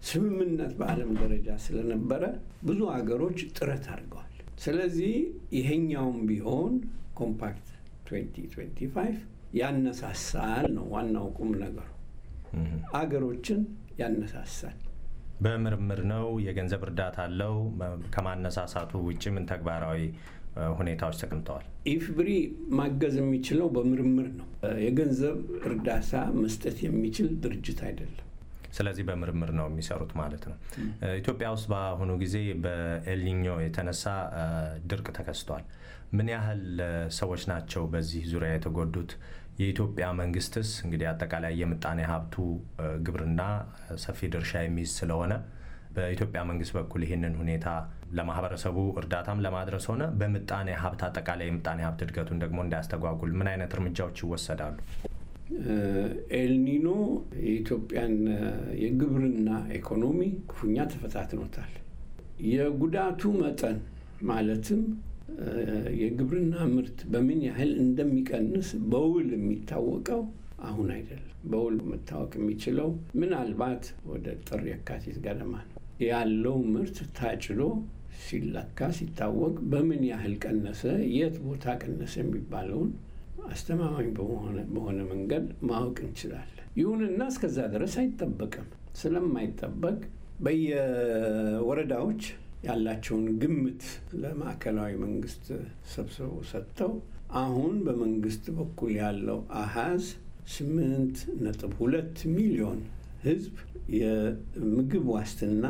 ስምምነት በዓለም ደረጃ ስለነበረ ብዙ አገሮች ጥረት አድርገዋል። ስለዚህ ይሄኛውም ቢሆን ኮምፓክት 2025 ያነሳሳል ነው ዋናው ቁም ነገሩ። አገሮችን ያነሳሳል። በምርምር ነው፣ የገንዘብ እርዳታ አለው። ከማነሳሳቱ ውጭ ምን ተግባራዊ ሁኔታዎች ተቀምጠዋል። ኢፍብሪ ማገዝ የሚችለው በምርምር ነው። የገንዘብ እርዳታ መስጠት የሚችል ድርጅት አይደለም። ስለዚህ በምርምር ነው የሚሰሩት ማለት ነው። ኢትዮጵያ ውስጥ በአሁኑ ጊዜ በኤልኒኞ የተነሳ ድርቅ ተከስቷል። ምን ያህል ሰዎች ናቸው በዚህ ዙሪያ የተጎዱት? የኢትዮጵያ መንግስትስ እንግዲህ አጠቃላይ የምጣኔ ሀብቱ ግብርና ሰፊ ድርሻ የሚይዝ ስለሆነ በኢትዮጵያ መንግስት በኩል ይህንን ሁኔታ ለማህበረሰቡ እርዳታም ለማድረስ ሆነ በምጣኔ ሀብት አጠቃላይ የምጣኔ ሀብት እድገቱን ደግሞ እንዳያስተጓጉል ምን አይነት እርምጃዎች ይወሰዳሉ? ኤልኒኖ የኢትዮጵያን የግብርና ኢኮኖሚ ክፉኛ ተፈታትኖታል። የጉዳቱ መጠን ማለትም የግብርና ምርት በምን ያህል እንደሚቀንስ በውል የሚታወቀው አሁን አይደለም። በውል መታወቅ የሚችለው ምናልባት ወደ ጥር የካቲት ገደማ ነው። ያለው ምርት ታጭዶ ሲለካ ሲታወቅ በምን ያህል ቀነሰ፣ የት ቦታ ቀነሰ የሚባለውን አስተማማኝ በሆነ መንገድ ማወቅ እንችላለን። ይሁንና እስከዛ ድረስ አይጠበቅም። ስለማይጠበቅ በየወረዳዎች ያላቸውን ግምት ለማዕከላዊ መንግስት ሰብስበው ሰጥተው አሁን በመንግስት በኩል ያለው አሃዝ ስምንት ነጥብ ሁለት ሚሊዮን ህዝብ የምግብ ዋስትና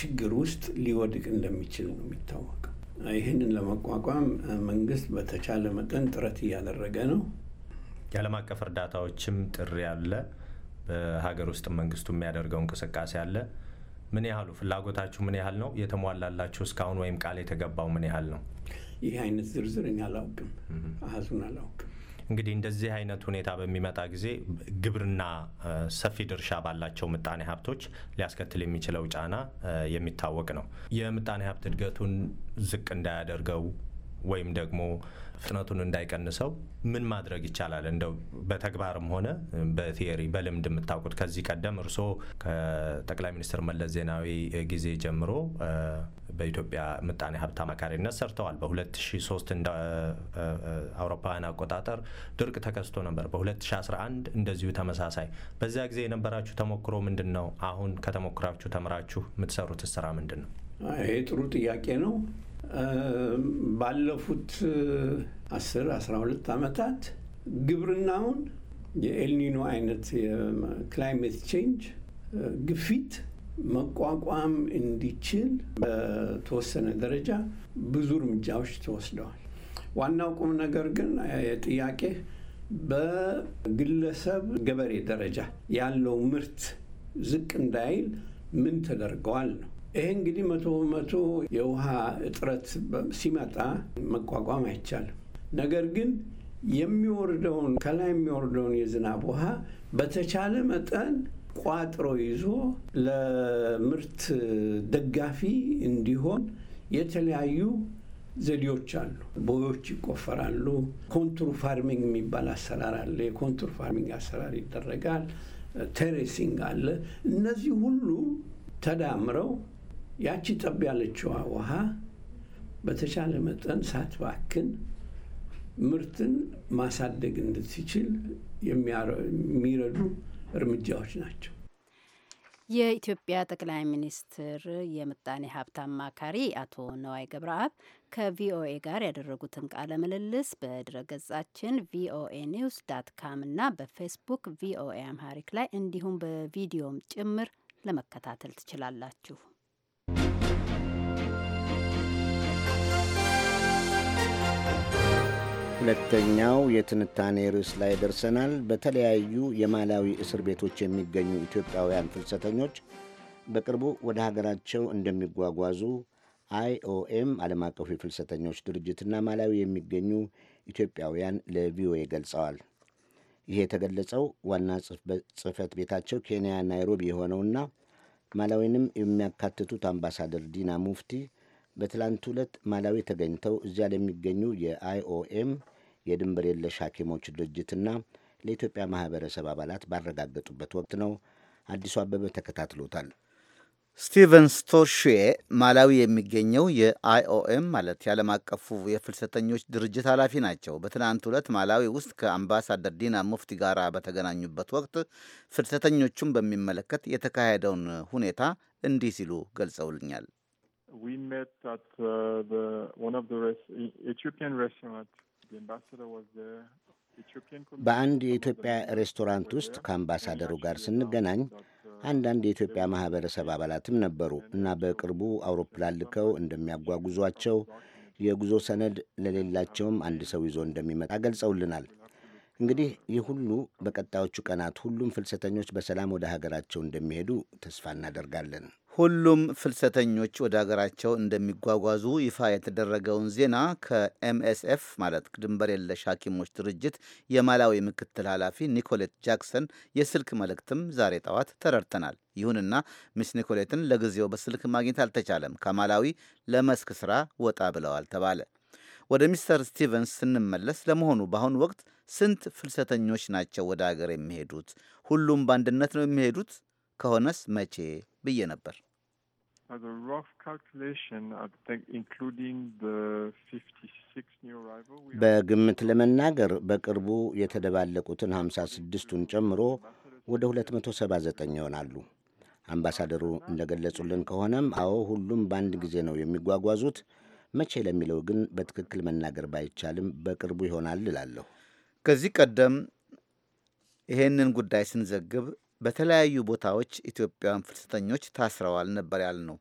ችግር ውስጥ ሊወድቅ እንደሚችል ነው የሚታወቀው። ይህንን ለመቋቋም መንግስት በተቻለ መጠን ጥረት እያደረገ ነው። የዓለም አቀፍ እርዳታዎችም ጥሪ አለ። በሀገር ውስጥ መንግስቱ የሚያደርገው እንቅስቃሴ አለ። ምን ያህሉ ፍላጎታችሁ ምን ያህል ነው? የተሟላላችሁ እስካሁን ወይም ቃል የተገባው ምን ያህል ነው? ይህ አይነት ዝርዝር እኔ አላውቅም፣ አሃዙን አላውቅም። እንግዲህ እንደዚህ አይነት ሁኔታ በሚመጣ ጊዜ ግብርና ሰፊ ድርሻ ባላቸው ምጣኔ ሀብቶች ሊያስከትል የሚችለው ጫና የሚታወቅ ነው። የምጣኔ ሀብት እድገቱን ዝቅ እንዳያደርገው ወይም ደግሞ ፍጥነቱን እንዳይቀንሰው ምን ማድረግ ይቻላል? እንደው በተግባርም ሆነ በቲዮሪ በልምድ የምታውቁት ከዚህ ቀደም እርስዎ ከጠቅላይ ሚኒስትር መለስ ዜናዊ ጊዜ ጀምሮ በኢትዮጵያ ምጣኔ ሀብት አማካሪነት ሰርተዋል። በ2003 እንደ አውሮፓውያን አቆጣጠር ድርቅ ተከስቶ ነበር። በ2011 እንደዚሁ ተመሳሳይ። በዚያ ጊዜ የነበራችሁ ተሞክሮ ምንድን ነው? አሁን ከተሞክራችሁ ተምራችሁ የምትሰሩት ስራ ምንድን ነው? ይሄ ጥሩ ጥያቄ ነው። ባለፉት 10 12 ዓመታት ግብርናውን የኤልኒኖ አይነት የክላይሜት ቼንጅ ግፊት መቋቋም እንዲችል በተወሰነ ደረጃ ብዙ እርምጃዎች ተወስደዋል። ዋናው ቁም ነገር ግን ጥያቄ በግለሰብ ገበሬ ደረጃ ያለው ምርት ዝቅ እንዳይል ምን ተደርገዋል ነው። ይሄ እንግዲህ መቶ በመቶ የውሃ እጥረት ሲመጣ መቋቋም አይቻልም። ነገር ግን የሚወርደውን ከላይ የሚወርደውን የዝናብ ውሃ በተቻለ መጠን ቋጥሮ ይዞ ለምርት ደጋፊ እንዲሆን የተለያዩ ዘዴዎች አሉ። ቦዮች ይቆፈራሉ። ኮንትሩ ፋርሚንግ የሚባል አሰራር አለ። የኮንትሩ ፋርሚንግ አሰራር ይደረጋል። ቴሬሲንግ አለ። እነዚህ ሁሉ ተዳምረው ያቺ ጠብ ያለችዋ ውሃ በተቻለ መጠን ሳትባክን ምርትን ማሳደግ እንድትችል የሚረዱ እርምጃዎች ናቸው። የኢትዮጵያ ጠቅላይ ሚኒስትር የምጣኔ ሀብት አማካሪ አቶ ነዋይ ገብረአብ ከቪኦኤ ጋር ያደረጉትን ቃለ ምልልስ ገጻችን ቪኦኤ ኒውስ ዳት ካም እና በፌስቡክ ቪኦኤ አምሃሪክ ላይ እንዲሁም በቪዲዮም ጭምር ለመከታተል ትችላላችሁ። ሁለተኛው የትንታኔ ርዕስ ላይ ደርሰናል። በተለያዩ የማላዊ እስር ቤቶች የሚገኙ ኢትዮጵያውያን ፍልሰተኞች በቅርቡ ወደ ሀገራቸው እንደሚጓጓዙ አይኦኤም ዓለም አቀፉ የፍልሰተኞች ድርጅትና ማላዊ የሚገኙ ኢትዮጵያውያን ለቪኦኤ ገልጸዋል። ይህ የተገለጸው ዋና ጽህፈት ቤታቸው ኬንያ ናይሮቢ የሆነውና ማላዊንም የሚያካትቱት አምባሳደር ዲና ሙፍቲ በትላንት ዕለት ማላዊ ተገኝተው እዚያ ለሚገኙ የአይኦኤም የድንበር የለሽ ሐኪሞች ድርጅትና ለኢትዮጵያ ማህበረሰብ አባላት ባረጋገጡበት ወቅት ነው። አዲሱ አበበ ተከታትሎታል። ስቲቨን ስቶርሽዌ ማላዊ የሚገኘው የአይኦኤም ማለት የዓለም አቀፉ የፍልሰተኞች ድርጅት ኃላፊ ናቸው። በትናንት ዕለት ማላዊ ውስጥ ከአምባሳደር ዲና ሙፍቲ ጋር በተገናኙበት ወቅት ፍልሰተኞቹን በሚመለከት የተካሄደውን ሁኔታ እንዲህ ሲሉ ገልጸውልኛል። በአንድ የኢትዮጵያ ሬስቶራንት ውስጥ ከአምባሳደሩ ጋር ስንገናኝ አንዳንድ የኢትዮጵያ ማህበረሰብ አባላትም ነበሩ እና በቅርቡ አውሮፕላን ልከው እንደሚያጓጉዟቸው የጉዞ ሰነድ ለሌላቸውም አንድ ሰው ይዞ እንደሚመጣ ገልጸውልናል። እንግዲህ ይህ ሁሉ በቀጣዮቹ ቀናት ሁሉም ፍልሰተኞች በሰላም ወደ ሀገራቸው እንደሚሄዱ ተስፋ እናደርጋለን። ሁሉም ፍልሰተኞች ወደ ሀገራቸው እንደሚጓጓዙ ይፋ የተደረገውን ዜና ከኤምኤስኤፍ ማለት ድንበር የለሽ ሐኪሞች ድርጅት የማላዊ ምክትል ኃላፊ ኒኮሌት ጃክሰን የስልክ መልእክትም ዛሬ ጠዋት ተረድተናል። ይሁንና ሚስ ኒኮሌትን ለጊዜው በስልክ ማግኘት አልተቻለም። ከማላዊ ለመስክ ስራ ወጣ ብለዋል ተባለ። ወደ ሚስተር ስቲቨንስ ስንመለስ ለመሆኑ በአሁኑ ወቅት ስንት ፍልሰተኞች ናቸው ወደ ሀገር የሚሄዱት? ሁሉም በአንድነት ነው የሚሄዱት? ከሆነስ መቼ ብዬ ነበር። በግምት ለመናገር በቅርቡ የተደባለቁትን 56ቱን ጨምሮ ወደ 279 ይሆናሉ። አምባሳደሩ እንደገለጹልን ከሆነም አዎ፣ ሁሉም በአንድ ጊዜ ነው የሚጓጓዙት። መቼ ለሚለው ግን በትክክል መናገር ባይቻልም በቅርቡ ይሆናል እላለሁ። ከዚህ ቀደም ይሄንን ጉዳይ ስንዘግብ በተለያዩ ቦታዎች ኢትዮጵያውያን ፍልሰተኞች ታስረዋል ነበር ያልነው።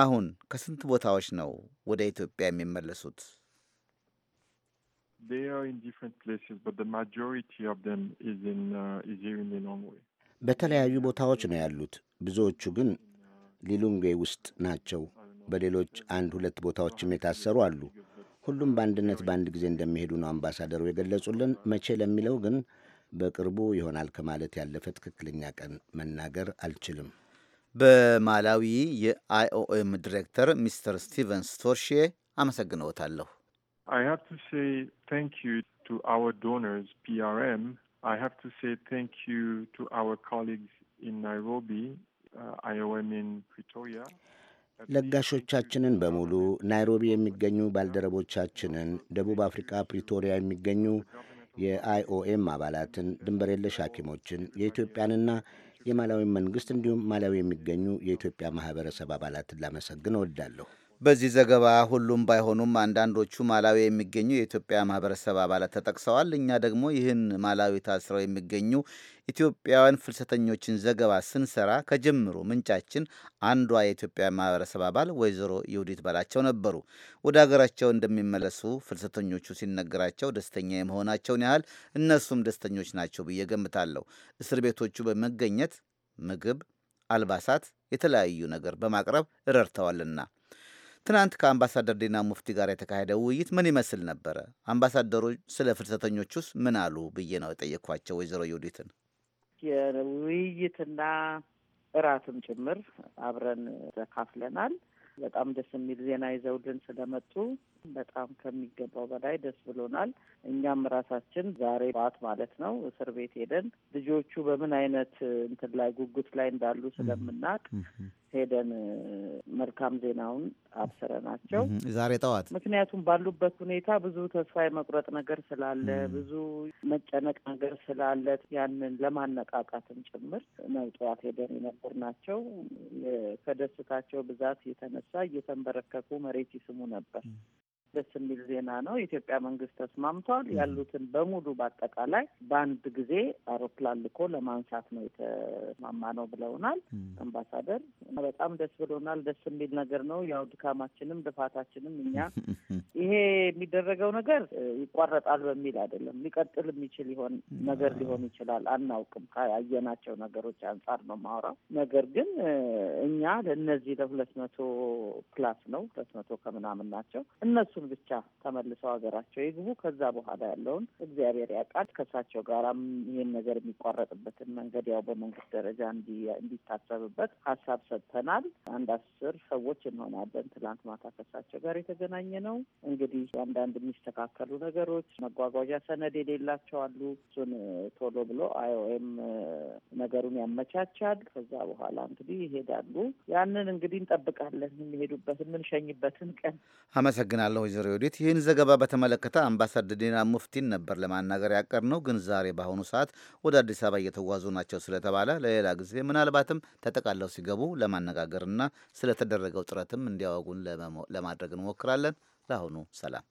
አሁን ከስንት ቦታዎች ነው ወደ ኢትዮጵያ የሚመለሱት? Uh, በተለያዩ ቦታዎች ነው ያሉት። ብዙዎቹ ግን ሊሉንጌ ውስጥ ናቸው። በሌሎች አንድ ሁለት ቦታዎችም የታሰሩ አሉ። ሁሉም በአንድነት በአንድ ጊዜ እንደሚሄዱ ነው አምባሳደሩ የገለጹልን። መቼ ለሚለው ግን በቅርቡ ይሆናል ከማለት ያለፈ ትክክለኛ ቀን መናገር አልችልም። በማላዊ የአይኦኤም ዲሬክተር ሚስተር ስቲቨን ስቶርሼ አመሰግነውታለሁ። uh, ለጋሾቻችንን በሙሉ ናይሮቢ የሚገኙ ባልደረቦቻችንን፣ ደቡብ አፍሪካ ፕሪቶሪያ የሚገኙ የአይኦኤም አባላትን፣ ድንበር የለሽ ሐኪሞችን፣ የኢትዮጵያንና የማላዊ መንግስት እንዲሁም ማላዊ የሚገኙ የኢትዮጵያ ማህበረሰብ አባላትን ላመሰግን እወዳለሁ። በዚህ ዘገባ ሁሉም ባይሆኑም አንዳንዶቹ ማላዊ የሚገኙ የኢትዮጵያ ማህበረሰብ አባላት ተጠቅሰዋል። እኛ ደግሞ ይህን ማላዊ ታስረው የሚገኙ ኢትዮጵያውያን ፍልሰተኞችን ዘገባ ስንሰራ ከጀምሩ ምንጫችን አንዷ የኢትዮጵያ ማህበረሰብ አባል ወይዘሮ ይሁዲት በላቸው ነበሩ። ወደ ሀገራቸው እንደሚመለሱ ፍልሰተኞቹ ሲነገራቸው ደስተኛ የመሆናቸውን ያህል እነሱም ደስተኞች ናቸው ብዬ ገምታለሁ። እስር ቤቶቹ በመገኘት ምግብ፣ አልባሳት፣ የተለያዩ ነገር በማቅረብ ረድተዋልና ትናንት ከአምባሳደር ዲና ሙፍቲ ጋር የተካሄደው ውይይት ምን ይመስል ነበረ? አምባሳደሩ ስለ ፍልሰተኞች ውስጥ ምን አሉ ብዬ ነው የጠየኳቸው። ወይዘሮ ዩዲትን የውይይትና እራትም ጭምር አብረን ተካፍለናል። በጣም ደስ የሚል ዜና ይዘውልን ስለመጡ በጣም ከሚገባው በላይ ደስ ብሎናል። እኛም ራሳችን ዛሬ ጠዋት ማለት ነው እስር ቤት ሄደን ልጆቹ በምን አይነት እንትን ላይ ጉጉት ላይ እንዳሉ ስለምናውቅ ሄደን መልካም ዜናውን አብሰረናቸው ዛሬ ጠዋት። ምክንያቱም ባሉበት ሁኔታ ብዙ ተስፋ የመቁረጥ ነገር ስላለ፣ ብዙ መጨነቅ ነገር ስላለ ያንን ለማነቃቃትም ጭምር ነው ጠዋት ሄደን የነበር ናቸው። ከደስታቸው ብዛት የተነሳ እየተንበረከኩ መሬት ይስሙ ነበር። ደስ የሚል ዜና ነው። የኢትዮጵያ መንግስት ተስማምቷል። ያሉትን በሙሉ በአጠቃላይ በአንድ ጊዜ አውሮፕላን ልኮ ለማንሳት ነው የተስማማ ነው ብለውናል አምባሳደር። በጣም ደስ ብሎናል። ደስ የሚል ነገር ነው። ያው ድካማችንም ልፋታችንም እኛ [laughs] ይሄ የሚደረገው ነገር ይቋረጣል በሚል አይደለም፣ ሊቀጥል የሚችል ይሆን ነገር ሊሆን ይችላል አናውቅም። ካያየናቸው ነገሮች አንጻር ነው ማውራው። ነገር ግን እኛ ለእነዚህ ለሁለት መቶ ፕላስ ነው ሁለት መቶ ከምናምን ናቸው እነሱም ብቻ ተመልሰው ሀገራቸው ይግቡ። ከዛ በኋላ ያለውን እግዚአብሔር ያውቃል። ከእሳቸው ጋራም ይህን ነገር የሚቋረጥበትን መንገድ ያው በመንግስት ደረጃ እንዲታሰብበት ሀሳብ ሰጥተናል። አንድ አስር ሰዎች እንሆናለን። ትላንት ማታ ከእሳቸው ጋር የተገናኘ ነው። እንግዲህ አንዳንድ የሚስተካከሉ ነገሮች መጓጓዣ ሰነድ የሌላቸው አሉ። እሱን ቶሎ ብሎ አይኦኤም ነገሩን ያመቻቻል። ከዛ በኋላ እንግዲህ ይሄዳሉ። ያንን እንግዲህ እንጠብቃለን የሚሄዱበት የምንሸኝበትን ቀን። አመሰግናለሁ። ወይዘሮ ዮዲት ይህን ዘገባ በተመለከተ አምባሳደር ዲና ሙፍቲን ነበር ለማናገር ያቀር ነው ግን ዛሬ በአሁኑ ሰዓት ወደ አዲስ አበባ እየተጓዙ ናቸው ስለተባለ ለሌላ ጊዜ ምናልባትም ተጠቃለው ሲገቡ ለማነጋገርና ስለተደረገው ጥረትም እንዲያወጉን ለማድረግ እንሞክራለን። ለአሁኑ ሰላም።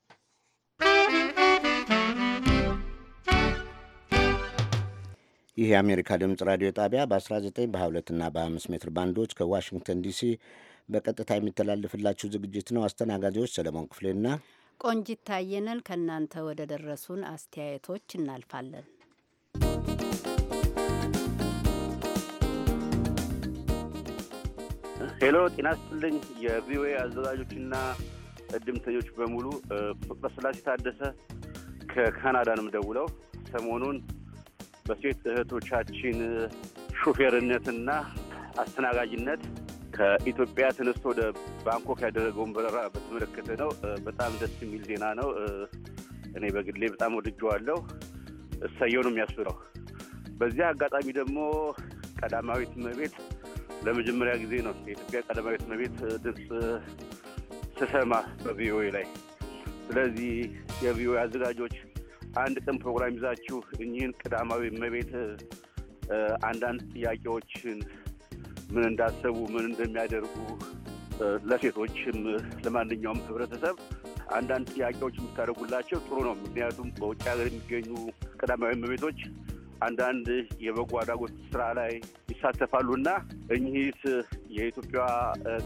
ይህ የአሜሪካ ድምፅ ራዲዮ ጣቢያ በ19 በ22 እና በ25 ሜትር ባንዶች ከዋሽንግተን ዲሲ በቀጥታ የሚተላለፍላችሁ ዝግጅት ነው። አስተናጋጆች ሰለሞን ክፍሌና ቆንጂት ታየነን። ከእናንተ ወደ ደረሱን አስተያየቶች እናልፋለን። ሄሎ፣ ጤና ስትልኝ የቪኦኤ አዘጋጆችና እድምተኞች በሙሉ። ፍቅረ ስላሴ ታደሰ ከካናዳ ነው የምደውለው። ሰሞኑን በሴት እህቶቻችን ሹፌርነትና አስተናጋጅነት ከኢትዮጵያ ተነስቶ ወደ ባንኮክ ያደረገውን በረራ በተመለከተ ነው። በጣም ደስ የሚል ዜና ነው። እኔ በግሌ በጣም ወድጀዋለሁ። እሰየው ነው የሚያስብለው። በዚህ አጋጣሚ ደግሞ ቀዳማዊት እመቤት ለመጀመሪያ ጊዜ ነው የኢትዮጵያ ቀዳማዊት እመቤት ድምፅ ስሰማ በቪኦኤ ላይ። ስለዚህ የቪኦኤ አዘጋጆች አንድ ቀን ፕሮግራም ይዛችሁ እኚህን ቀዳማዊ እመቤት አንዳንድ ጥያቄዎችን ምን እንዳሰቡ፣ ምን እንደሚያደርጉ ለሴቶችም ለማንኛውም ህብረተሰብ አንዳንድ ጥያቄዎች የምታደርጉላቸው ጥሩ ነው። ምክንያቱም በውጭ ሀገር የሚገኙ ቀዳማዊ መቤቶች አንዳንድ የበጎ አድራጎት ስራ ላይ ይሳተፋሉና እኚህት የኢትዮጵያ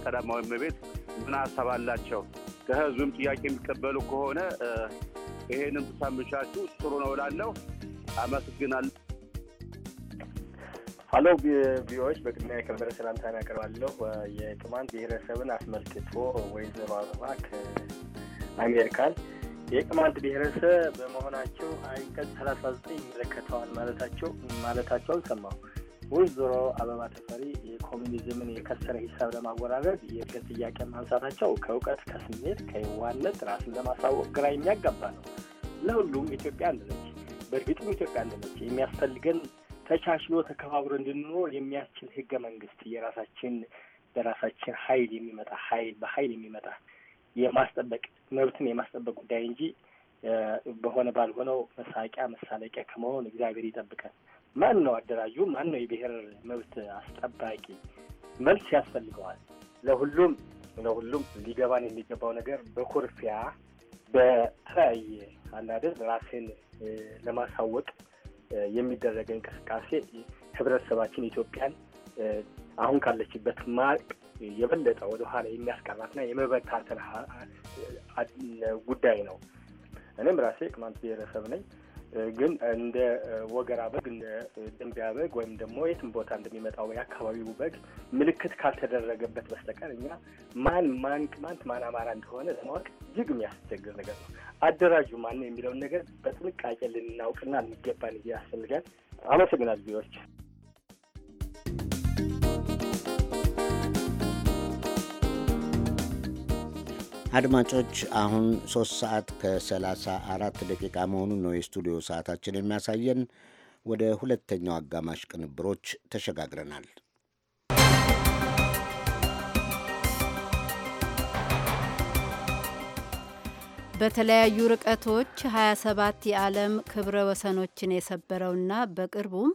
ቀዳማዊ እመቤት ምን ሀሳብ አላቸው? ከህዝብም ጥያቄ የሚቀበሉ ከሆነ ይሄንም ሳምቻችሁ ጥሩ ነው ላለው አመስግናል ሀሎ ቪዎች በቅድሚያ የከበረ ሰላምታን ያቀርባለሁ። የቅማንት ብሔረሰብን አስመልክቶ ወይዘሮ አበባ ከአሜሪካን የቅማንት ብሔረሰብ በመሆናቸው አንቀጽ ሰላሳ ዘጠኝ ይመለከተዋል ማለታቸው ማለታቸውን ሰማሁ። ወይዘሮ አበባ ተፈሪ የኮሚኒዝምን የከሰረ ሂሳብ ለማወራረድ የእድገት ጥያቄ ማንሳታቸው ከእውቀት፣ ከስሜት፣ ከየዋነት ራስን ለማሳወቅ ግራ የሚያጋባ ነው። ለሁሉም ኢትዮጵያ አንድ ነች። በእርግጥም ኢትዮጵያ አንድ ነች። የሚያስፈልገን ተቻችሎ ተከባብሮ እንድንኖር የሚያስችል ህገ መንግስት የራሳችን በራሳችን ሀይል የሚመጣ ሀይል በሀይል የሚመጣ የማስጠበቅ መብትን የማስጠበቅ ጉዳይ እንጂ በሆነ ባልሆነው መሳቂያ መሳለቂያ ከመሆን እግዚአብሔር ይጠብቀን። ማን ነው አደራጁ? ማን ነው የብሔር መብት አስጠባቂ? መልስ ያስፈልገዋል። ለሁሉም ለሁሉም ሊገባን የሚገባው ነገር በኮርፊያ በተለያየ አናደር ራሴን ለማሳወቅ የሚደረገ እንቅስቃሴ ህብረተሰባችን ኢትዮጵያን አሁን ካለችበት ማቅ የበለጠ ወደኋላ የሚያስቀራትና የመበታተን ጉዳይ ነው። እኔም ራሴ ቅማንት ብሔረሰብ ነኝ። ግን እንደ ወገራ በግ እንደ ደንቢያ በግ ወይም ደግሞ የትም ቦታ እንደሚመጣው የአካባቢው በግ ምልክት ካልተደረገበት በስተቀር እኛ ማን ማን ቅማንት ማን አማራ እንደሆነ ለማወቅ እጅግ የሚያስቸግር ነገር ነው። አደራጁ ማን የሚለውን ነገር በጥንቃቄ ልናውቅና ልንገባን ያስፈልጋል። አመሰግናል ቢዎች አድማጮች አሁን ሶስት ሰዓት ከሰላሳ አራት ደቂቃ መሆኑን ነው የስቱዲዮ ሰዓታችን የሚያሳየን። ወደ ሁለተኛው አጋማሽ ቅንብሮች ተሸጋግረናል። በተለያዩ ርቀቶች 27 የዓለም ክብረ ወሰኖችን የሰበረውና በቅርቡም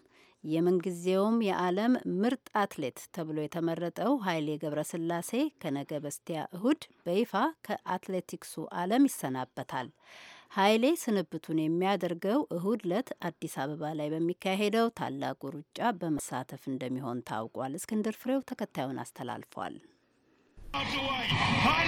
የምንጊዜውም የዓለም ምርጥ አትሌት ተብሎ የተመረጠው ኃይሌ ገብረስላሴ ከነገ በስቲያ እሁድ በይፋ ከአትሌቲክሱ ዓለም ይሰናበታል። ኃይሌ ስንብቱን የሚያደርገው እሁድ ለት አዲስ አበባ ላይ በሚካሄደው ታላቁ ሩጫ በመሳተፍ እንደሚሆን ታውቋል። እስክንድር ፍሬው ተከታዩን አስተላልፏል። ኃይሌ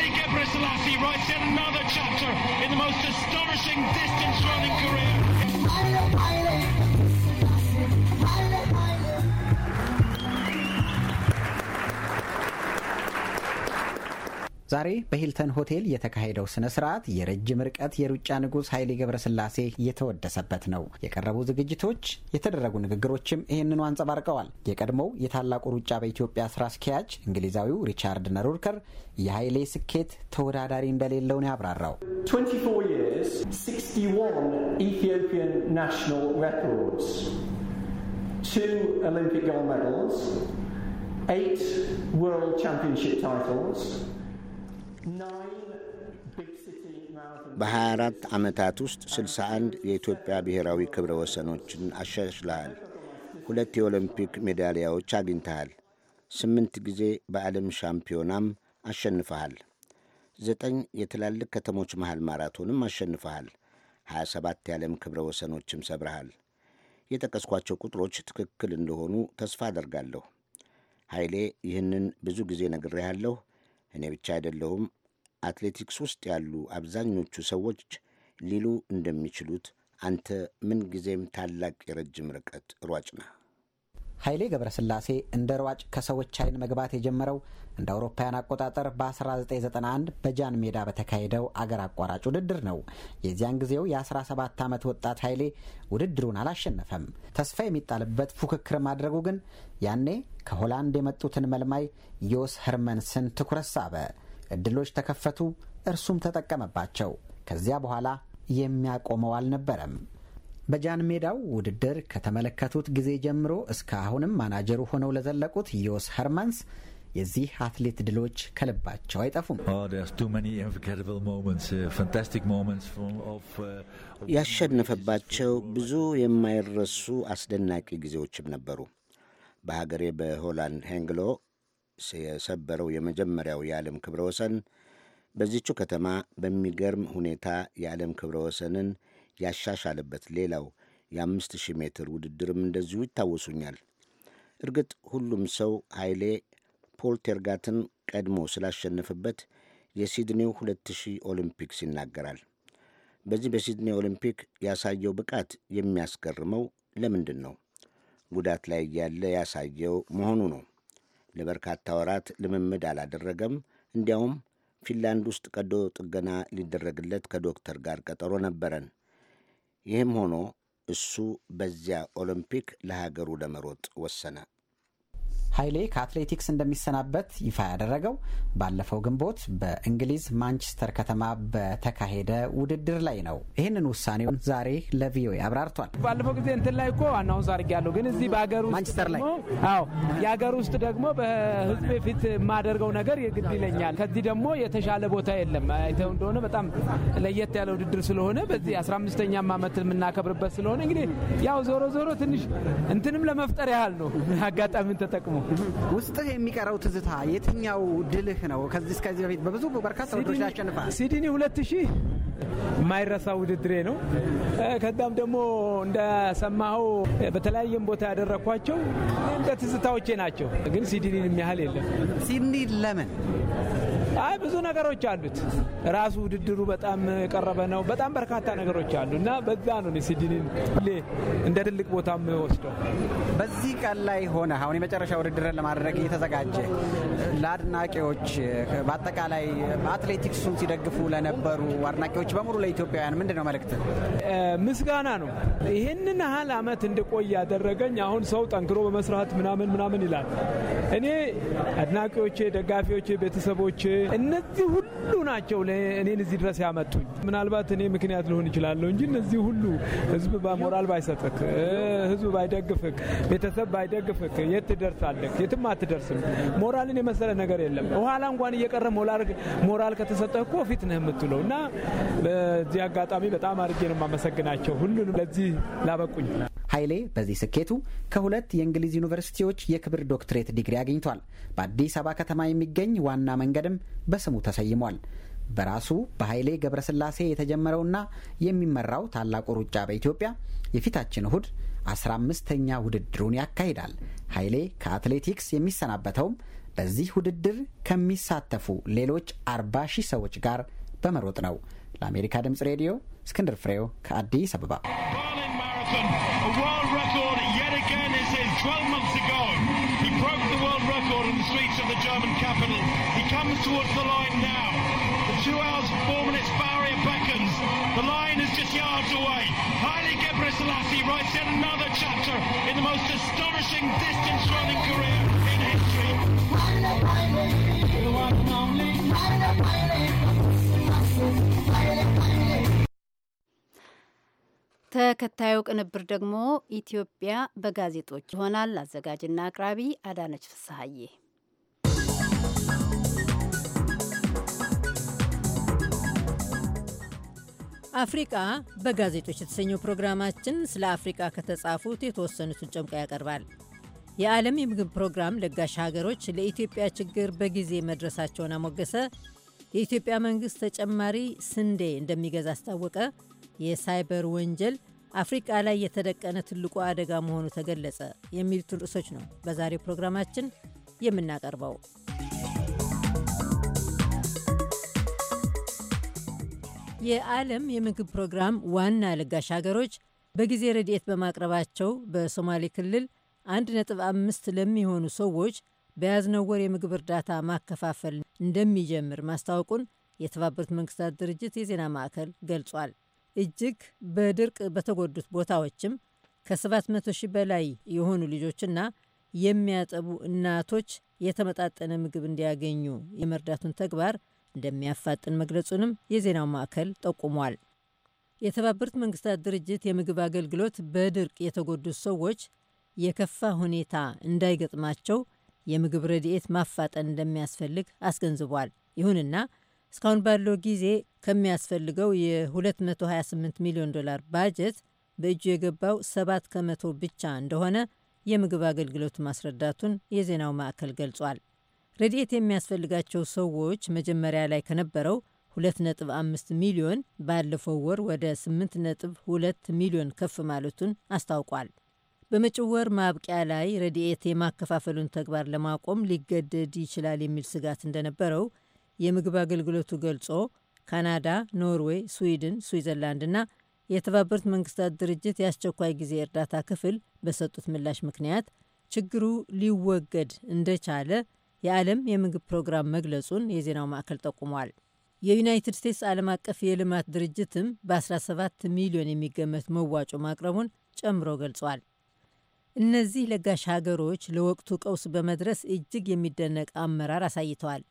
ዛሬ በሂልተን ሆቴል የተካሄደው ስነ ስርዓት የረጅም ርቀት የሩጫ ንጉሥ ኃይሌ ገብረስላሴ እየተወደሰበት ነው። የቀረቡ ዝግጅቶች፣ የተደረጉ ንግግሮችም ይህንኑ አንጸባርቀዋል። የቀድሞው የታላቁ ሩጫ በኢትዮጵያ ስራ አስኪያጅ እንግሊዛዊው ሪቻርድ ነሩርከር የኃይሌ ስኬት ተወዳዳሪ እንደሌለው ነው ያብራራው። Two Olympic gold medals, eight world championship titles, በ24 ዓመታት ውስጥ 61 የኢትዮጵያ ብሔራዊ ክብረ ወሰኖችን አሻሽልሃል። ሁለት የኦሎምፒክ ሜዳሊያዎች አግኝተሃል። ስምንት ጊዜ በዓለም ሻምፒዮናም አሸንፈሃል። ዘጠኝ የትላልቅ ከተሞች መሃል ማራቶንም አሸንፈሃል። 27 የዓለም ክብረ ወሰኖችም ሰብረሃል። የጠቀስኳቸው ቁጥሮች ትክክል እንደሆኑ ተስፋ አደርጋለሁ። ኃይሌ፣ ይህንን ብዙ ጊዜ ነግሬሃለሁ። እኔ ብቻ አይደለሁም አትሌቲክስ ውስጥ ያሉ አብዛኞቹ ሰዎች ሊሉ እንደሚችሉት አንተ ምንጊዜም ታላቅ የረጅም ርቀት ሯጭ ነህ። ኃይሌ ገብረስላሴ እንደ ሯጭ ከሰዎች አይን መግባት የጀመረው እንደ አውሮፓውያን አቆጣጠር በ1991 በጃን ሜዳ በተካሄደው አገር አቋራጭ ውድድር ነው። የዚያን ጊዜው የ17 ዓመት ወጣት ኃይሌ ውድድሩን አላሸነፈም። ተስፋ የሚጣልበት ፉክክር ማድረጉ ግን ያኔ ከሆላንድ የመጡትን መልማይ ዮስ ህርመንስን ትኩረት ሳበ። እድሎች ተከፈቱ፣ እርሱም ተጠቀመባቸው። ከዚያ በኋላ የሚያቆመው አልነበረም። በጃን ሜዳው ውድድር ከተመለከቱት ጊዜ ጀምሮ እስከ አሁንም ማናጀሩ ሆነው ለዘለቁት ዮስ ኸርማንስ የዚህ አትሌት ድሎች ከልባቸው አይጠፉም። oh, uh, uh, ያሸነፈባቸው ብዙ የማይረሱ አስደናቂ ጊዜዎችም ነበሩ። በሀገሬ በሆላንድ ሄንግሎ የሰበረው የመጀመሪያው የዓለም ክብረ ወሰን በዚቹ ከተማ በሚገርም ሁኔታ የዓለም ክብረ ወሰንን ያሻሻለበት ሌላው የአምስት ሺህ ሜትር ውድድርም እንደዚሁ ይታወሱኛል። እርግጥ ሁሉም ሰው ኃይሌ ፖልቴርጋትን ቀድሞ ስላሸነፍበት የሲድኒው 2000 ኦሊምፒክስ ይናገራል። በዚህ በሲድኒ ኦሊምፒክ ያሳየው ብቃት የሚያስገርመው ለምንድን ነው? ጉዳት ላይ እያለ ያሳየው መሆኑ ነው። ለበርካታ ወራት ልምምድ አላደረገም። እንዲያውም ፊንላንድ ውስጥ ቀዶ ጥገና ሊደረግለት ከዶክተር ጋር ቀጠሮ ነበረን። ይህም ሆኖ እሱ በዚያ ኦሎምፒክ ለሀገሩ ለመሮጥ ወሰነ። ኃይሌ ከአትሌቲክስ እንደሚሰናበት ይፋ ያደረገው ባለፈው ግንቦት በእንግሊዝ ማንቸስተር ከተማ በተካሄደ ውድድር ላይ ነው። ይህንን ውሳኔውን ዛሬ ለቪኦኤ አብራርቷል። ባለፈው ጊዜ እንትን ላይ እኮ አናውንስ አድርጌያለሁ፣ ግን እዚህ በሀገር ውስጥ ማንቸስተር ላይ አዎ፣ የሀገር ውስጥ ደግሞ በህዝብ ፊት የማደርገው ነገር የግድ ይለኛል። ከዚህ ደግሞ የተሻለ ቦታ የለም። አይተው እንደሆነ በጣም ለየት ያለ ውድድር ስለሆነ በዚህ 15 ኛ ዓመት የምናከብርበት ስለሆነ እንግዲህ ያው ዞሮ ዞሮ ትንሽ እንትንም ለመፍጠር ያህል ነው አጋጣሚን ተጠቅሞ ውስጥህ የሚቀረው ትዝታ የትኛው ድልህ ነው? ከዚህ እስከዚህ በፊት በብዙ በርካታ ውድድሮች ላይ ሲድኒ ሁለት ሺህ የማይረሳ ውድድሬ ነው። ከዛም ደግሞ እንደሰማኸው በተለያየም ቦታ ያደረግኳቸው እንደ ትዝታዎቼ ናቸው። ግን ሲድኒን የሚያህል የለም። ሲድኒ ለምን አይ ብዙ ነገሮች አሉት። ራሱ ውድድሩ በጣም የቀረበ ነው። በጣም በርካታ ነገሮች አሉ እና በዛ ነው ሲድኒን ሁሌ እንደ ትልቅ ቦታ ወስደው። በዚህ ቀን ላይ ሆነ አሁን የመጨረሻ ውድድርን ለማድረግ እየተዘጋጀ ለአድናቂዎች በአጠቃላይ አትሌቲክሱን ሲደግፉ ለነበሩ አድናቂዎች በሙሉ ለኢትዮጵያውያን ምንድን ነው መልእክት? ምስጋና ነው። ይህንን ያህል አመት እንድቆይ ያደረገኝ አሁን ሰው ጠንክሮ በመስራት ምናምን ምናምን ይላል። እኔ አድናቂዎቼ፣ ደጋፊዎቼ፣ ቤተሰቦቼ እነዚህ ሁሉ ናቸው እኔን እዚህ ድረስ ያመጡኝ። ምናልባት እኔ ምክንያት ልሆን ይችላለሁ እንጂ እነዚህ ሁሉ ህዝብ በሞራል ባይሰጥክ፣ ህዝብ ባይደግፍክ፣ ቤተሰብ ባይደግፍክ የት ትደርሳለህ? የትም አትደርስም። ሞራልን የመሰለ ነገር የለም። ኋላ እንኳን እየቀረ ሞራል ከተሰጠህ እኮ ፊት ነህ የምትለው እና በዚህ አጋጣሚ በጣም አድርጌ ነው የማመሰግናቸው ሁሉንም ለዚህ ላበቁኝ። ኃይሌ በዚህ ስኬቱ ከሁለት የእንግሊዝ ዩኒቨርሲቲዎች የክብር ዶክትሬት ዲግሪ አግኝቷል። በአዲስ አበባ ከተማ የሚገኝ ዋና መንገድም በስሙ ተሰይሟል። በራሱ በኃይሌ ገብረስላሴ የተጀመረውና የሚመራው ታላቁ ሩጫ በኢትዮጵያ የፊታችን እሁድ አስራ አምስተኛ ውድድሩን ያካሂዳል። ኃይሌ ከአትሌቲክስ የሚሰናበተውም በዚህ ውድድር ከሚሳተፉ ሌሎች አርባ ሺህ ሰዎች ጋር በመሮጥ ነው። ለአሜሪካ ድምፅ ሬዲዮ እስክንድር ፍሬው ከአዲስ አበባ A world record yet again is his. 12 months ago, he broke the world record in the streets of the German capital. He comes towards the line now. The two hours, four minutes barrier beckons. The line is just yards away. Haile Gebrselassie writes yet another chapter in the most astonishing distance running career in history. The one and only. ተከታዩ ቅንብር ደግሞ ኢትዮጵያ በጋዜጦች ይሆናል። አዘጋጅና አቅራቢ አዳነች ፍስሐዬ። አፍሪቃ በጋዜጦች የተሰኘው ፕሮግራማችን ስለ አፍሪቃ ከተጻፉት የተወሰኑትን ጨምቆ ያቀርባል። የዓለም የምግብ ፕሮግራም ለጋሽ ሀገሮች ለኢትዮጵያ ችግር በጊዜ መድረሳቸውን አሞገሰ፣ የኢትዮጵያ መንግሥት ተጨማሪ ስንዴ እንደሚገዛ አስታወቀ፣ የሳይበር ወንጀል አፍሪቃ ላይ የተደቀነ ትልቁ አደጋ መሆኑ ተገለጸ የሚሉትን ርዕሶች ነው በዛሬው ፕሮግራማችን የምናቀርበው። የዓለም የምግብ ፕሮግራም ዋና ለጋሽ ሀገሮች በጊዜ ረድኤት በማቅረባቸው በሶማሌ ክልል 1.5 ለሚሆኑ ሰዎች በያዝነው ወር የምግብ እርዳታ ማከፋፈል እንደሚጀምር ማስታወቁን የተባበሩት መንግስታት ድርጅት የዜና ማዕከል ገልጿል። እጅግ በድርቅ በተጎዱት ቦታዎችም ከ700 ሺህ በላይ የሆኑ ልጆችና የሚያጠቡ እናቶች የተመጣጠነ ምግብ እንዲያገኙ የመርዳቱን ተግባር እንደሚያፋጥን መግለጹንም የዜናው ማዕከል ጠቁሟል። የተባበሩት መንግስታት ድርጅት የምግብ አገልግሎት በድርቅ የተጎዱት ሰዎች የከፋ ሁኔታ እንዳይገጥማቸው የምግብ ረድኤት ማፋጠን እንደሚያስፈልግ አስገንዝቧል። ይሁንና እስካሁን ባለው ጊዜ ከሚያስፈልገው የ228 ሚሊዮን ዶላር ባጀት በእጁ የገባው 7 ከመቶ ብቻ እንደሆነ የምግብ አገልግሎት ማስረዳቱን የዜናው ማዕከል ገልጿል። ረድኤት የሚያስፈልጋቸው ሰዎች መጀመሪያ ላይ ከነበረው 2.5 ሚሊዮን ባለፈው ወር ወደ 8.2 ሚሊዮን ከፍ ማለቱን አስታውቋል። በመጪው ወር ማብቂያ ላይ ረድኤት የማከፋፈሉን ተግባር ለማቆም ሊገደድ ይችላል የሚል ስጋት እንደነበረው የምግብ አገልግሎቱ ገልጾ ካናዳ፣ ኖርዌይ፣ ስዊድን፣ ስዊዘርላንድና የተባበሩት መንግስታት ድርጅት የአስቸኳይ ጊዜ እርዳታ ክፍል በሰጡት ምላሽ ምክንያት ችግሩ ሊወገድ እንደቻለ የዓለም የምግብ ፕሮግራም መግለጹን የዜናው ማዕከል ጠቁሟል። የዩናይትድ ስቴትስ ዓለም አቀፍ የልማት ድርጅትም በ17 ሚሊዮን የሚገመት መዋጮ ማቅረቡን ጨምሮ ገልጿል። እነዚህ ለጋሽ ሀገሮች ለወቅቱ ቀውስ በመድረስ እጅግ የሚደነቅ አመራር አሳይተዋል።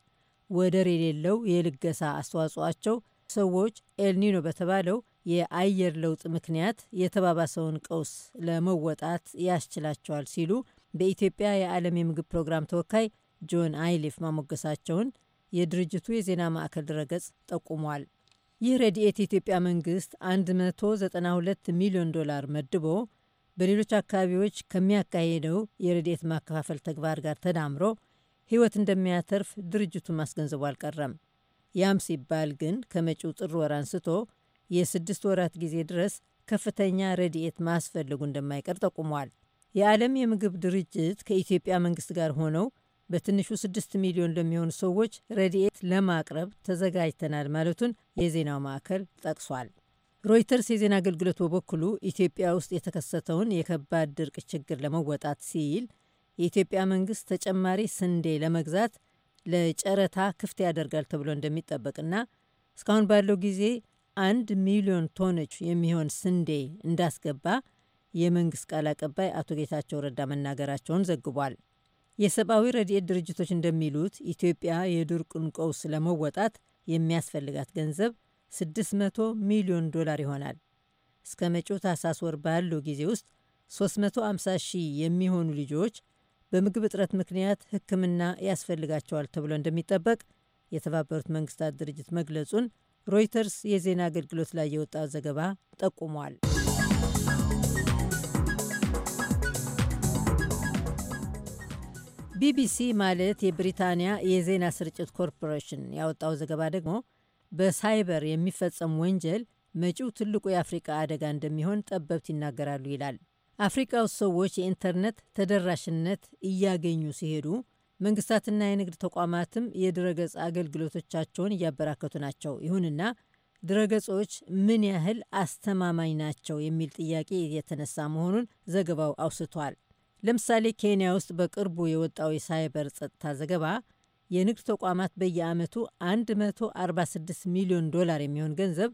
ወደር የሌለው የልገሳ አስተዋጽኦአቸው ሰዎች ኤልኒኖ በተባለው የአየር ለውጥ ምክንያት የተባባሰውን ቀውስ ለመወጣት ያስችላቸዋል ሲሉ በኢትዮጵያ የዓለም የምግብ ፕሮግራም ተወካይ ጆን አይሊፍ ማሞገሳቸውን የድርጅቱ የዜና ማዕከል ድረገጽ ጠቁሟል። ይህ ረድኤት የኢትዮጵያ መንግስት 192 ሚሊዮን ዶላር መድቦ በሌሎች አካባቢዎች ከሚያካሂደው የረድኤት ማከፋፈል ተግባር ጋር ተዳምሮ ሕይወት እንደሚያተርፍ ድርጅቱ ማስገንዘቡ አልቀረም። ያም ሲባል ግን ከመጪው ጥር ወር አንስቶ የስድስት ወራት ጊዜ ድረስ ከፍተኛ ረድኤት ማስፈልጉ እንደማይቀር ጠቁሟል። የዓለም የምግብ ድርጅት ከኢትዮጵያ መንግስት ጋር ሆነው በትንሹ ስድስት ሚሊዮን ለሚሆኑ ሰዎች ረድኤት ለማቅረብ ተዘጋጅተናል ማለቱን የዜናው ማዕከል ጠቅሷል። ሮይተርስ የዜና አገልግሎት በበኩሉ ኢትዮጵያ ውስጥ የተከሰተውን የከባድ ድርቅ ችግር ለመወጣት ሲል የኢትዮጵያ መንግስት ተጨማሪ ስንዴ ለመግዛት ለጨረታ ክፍት ያደርጋል ተብሎ እንደሚጠበቅና እስካሁን ባለው ጊዜ አንድ ሚሊዮን ቶኖች የሚሆን ስንዴ እንዳስገባ የመንግስት ቃል አቀባይ አቶ ጌታቸው ረዳ መናገራቸውን ዘግቧል። የሰብአዊ ረድኤት ድርጅቶች እንደሚሉት ኢትዮጵያ የድርቁን ቀውስ ለመወጣት የሚያስፈልጋት ገንዘብ 600 ሚሊዮን ዶላር ይሆናል። እስከ መጪው ታህሳስ ወር ባለው ጊዜ ውስጥ 350 ሺህ የሚሆኑ ልጆች በምግብ እጥረት ምክንያት ሕክምና ያስፈልጋቸዋል ተብሎ እንደሚጠበቅ የተባበሩት መንግስታት ድርጅት መግለጹን ሮይተርስ የዜና አገልግሎት ላይ የወጣ ዘገባ ጠቁሟል። ቢቢሲ ማለት የብሪታንያ የዜና ስርጭት ኮርፖሬሽን ያወጣው ዘገባ ደግሞ በሳይበር የሚፈጸም ወንጀል መጪው ትልቁ የአፍሪቃ አደጋ እንደሚሆን ጠበብት ይናገራሉ ይላል። አፍሪካ ውስጥ ሰዎች የኢንተርኔት ተደራሽነት እያገኙ ሲሄዱ መንግስታትና የንግድ ተቋማትም የድረገጽ አገልግሎቶቻቸውን እያበራከቱ ናቸው። ይሁንና ድረገጾች ምን ያህል አስተማማኝ ናቸው የሚል ጥያቄ የተነሳ መሆኑን ዘገባው አውስቷል። ለምሳሌ ኬንያ ውስጥ በቅርቡ የወጣው የሳይበር ጸጥታ ዘገባ የንግድ ተቋማት በየዓመቱ 146 ሚሊዮን ዶላር የሚሆን ገንዘብ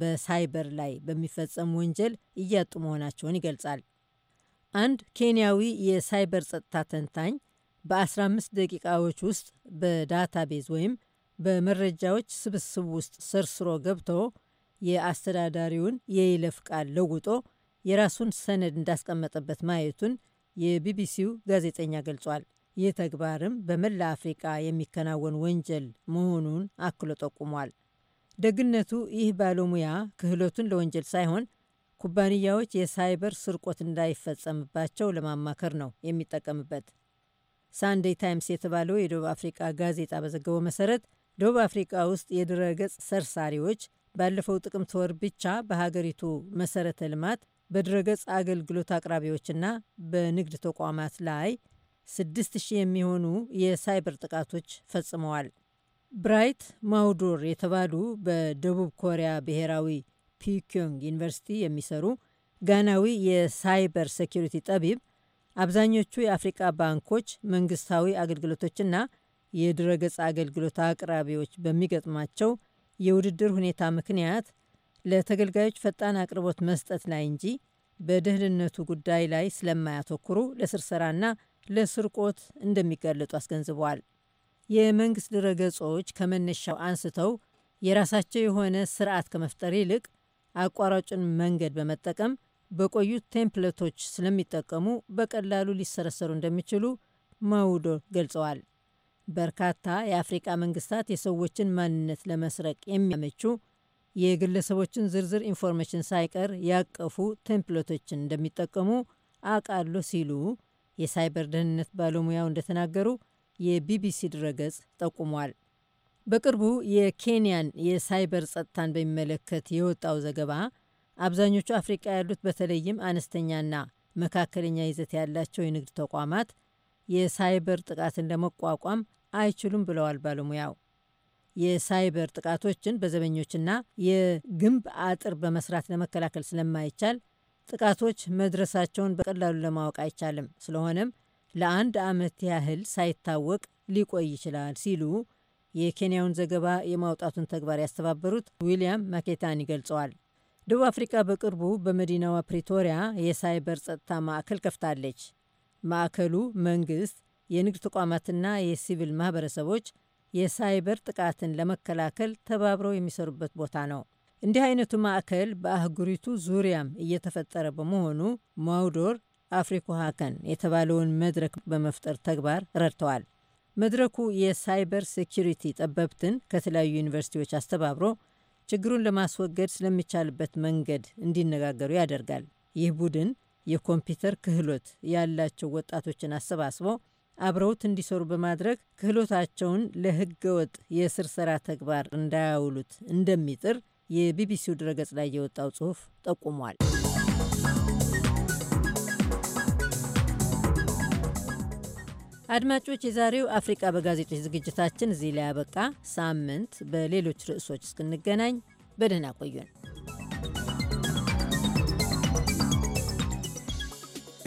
በሳይበር ላይ በሚፈጸም ወንጀል እያጡ መሆናቸውን ይገልጻል። አንድ ኬንያዊ የሳይበር ጸጥታ ተንታኝ በ15 ደቂቃዎች ውስጥ በዳታቤዝ ወይም በመረጃዎች ስብስብ ውስጥ ሰርስሮ ገብቶ የአስተዳዳሪውን የይለፍ ቃል ለውጦ የራሱን ሰነድ እንዳስቀመጠበት ማየቱን የቢቢሲው ጋዜጠኛ ገልጿል። ይህ ተግባርም በመላ አፍሪቃ የሚከናወን ወንጀል መሆኑን አክሎ ጠቁሟል። ደግነቱ ይህ ባለሙያ ክህሎቱን ለወንጀል ሳይሆን ኩባንያዎች የሳይበር ስርቆት እንዳይፈጸምባቸው ለማማከር ነው የሚጠቀምበት። ሳንዴይ ታይምስ የተባለው የደቡብ አፍሪቃ ጋዜጣ በዘገበው መሰረት ደቡብ አፍሪቃ ውስጥ የድረገጽ ሰርሳሪዎች ባለፈው ጥቅምት ወር ብቻ በሀገሪቱ መሰረተ ልማት በድረገጽ አገልግሎት አቅራቢዎችና በንግድ ተቋማት ላይ 6000 የሚሆኑ የሳይበር ጥቃቶች ፈጽመዋል። ብራይት ማውዶር የተባሉ በደቡብ ኮሪያ ብሔራዊ ፒኪንግ ዩኒቨርሲቲ የሚሰሩ ጋናዊ የሳይበር ሴኪሪቲ ጠቢብ አብዛኞቹ የአፍሪቃ ባንኮች፣ መንግስታዊ አገልግሎቶችና የድረገጽ አገልግሎት አቅራቢዎች በሚገጥማቸው የውድድር ሁኔታ ምክንያት ለተገልጋዮች ፈጣን አቅርቦት መስጠት ላይ እንጂ በደህንነቱ ጉዳይ ላይ ስለማያተኩሩ ለስርሰራና ለስርቆት እንደሚጋለጡ አስገንዝበዋል። የመንግስት ድረገጾች ከመነሻው አንስተው የራሳቸው የሆነ ስርዓት ከመፍጠር ይልቅ አቋራጩን መንገድ በመጠቀም በቆዩት ቴምፕሌቶች ስለሚጠቀሙ በቀላሉ ሊሰረሰሩ እንደሚችሉ ማውዶ ገልጸዋል። በርካታ የአፍሪቃ መንግስታት የሰዎችን ማንነት ለመስረቅ የሚያመቹ የግለሰቦችን ዝርዝር ኢንፎርሜሽን ሳይቀር ያቀፉ ቴምፕሌቶችን እንደሚጠቀሙ አቃሎ ሲሉ የሳይበር ደህንነት ባለሙያው እንደተናገሩ የቢቢሲ ድረገጽ ጠቁሟል። በቅርቡ የኬንያን የሳይበር ጸጥታን በሚመለከት የወጣው ዘገባ አብዛኞቹ አፍሪቃ ያሉት በተለይም አነስተኛና መካከለኛ ይዘት ያላቸው የንግድ ተቋማት የሳይበር ጥቃትን ለመቋቋም አይችሉም ብለዋል ባለሙያው። የሳይበር ጥቃቶችን በዘበኞችና የግንብ አጥር በመስራት ለመከላከል ስለማይቻል ጥቃቶች መድረሳቸውን በቀላሉ ለማወቅ አይቻልም። ስለሆነም ለአንድ ዓመት ያህል ሳይታወቅ ሊቆይ ይችላል ሲሉ የኬንያውን ዘገባ የማውጣቱን ተግባር ያስተባበሩት ዊሊያም ማኬታኒ ገልጸዋል። ደቡብ አፍሪካ በቅርቡ በመዲናዋ ፕሪቶሪያ የሳይበር ጸጥታ ማዕከል ከፍታለች። ማዕከሉ መንግስት፣ የንግድ ተቋማትና የሲቪል ማህበረሰቦች የሳይበር ጥቃትን ለመከላከል ተባብረው የሚሰሩበት ቦታ ነው። እንዲህ አይነቱ ማዕከል በአህጉሪቱ ዙሪያም እየተፈጠረ በመሆኑ ማውዶር አፍሪኮ ሀከን የተባለውን መድረክ በመፍጠር ተግባር ረድተዋል። መድረኩ የሳይበር ሴኪሪቲ ጠበብትን ከተለያዩ ዩኒቨርሲቲዎች አስተባብሮ ችግሩን ለማስወገድ ስለሚቻልበት መንገድ እንዲነጋገሩ ያደርጋል። ይህ ቡድን የኮምፒውተር ክህሎት ያላቸው ወጣቶችን አሰባስቦ አብረውት እንዲሰሩ በማድረግ ክህሎታቸውን ወጥ የእስር ሰራ ተግባር እንዳያውሉት እንደሚጥር የቢቢሲው ድረገጽ ላይ የወጣው ጽሑፍ ጠቁሟል። አድማጮች፣ የዛሬው አፍሪቃ በጋዜጦች ዝግጅታችን እዚህ ላይ ያበቃ። ሳምንት በሌሎች ርዕሶች እስክንገናኝ በደህና ቆዩን።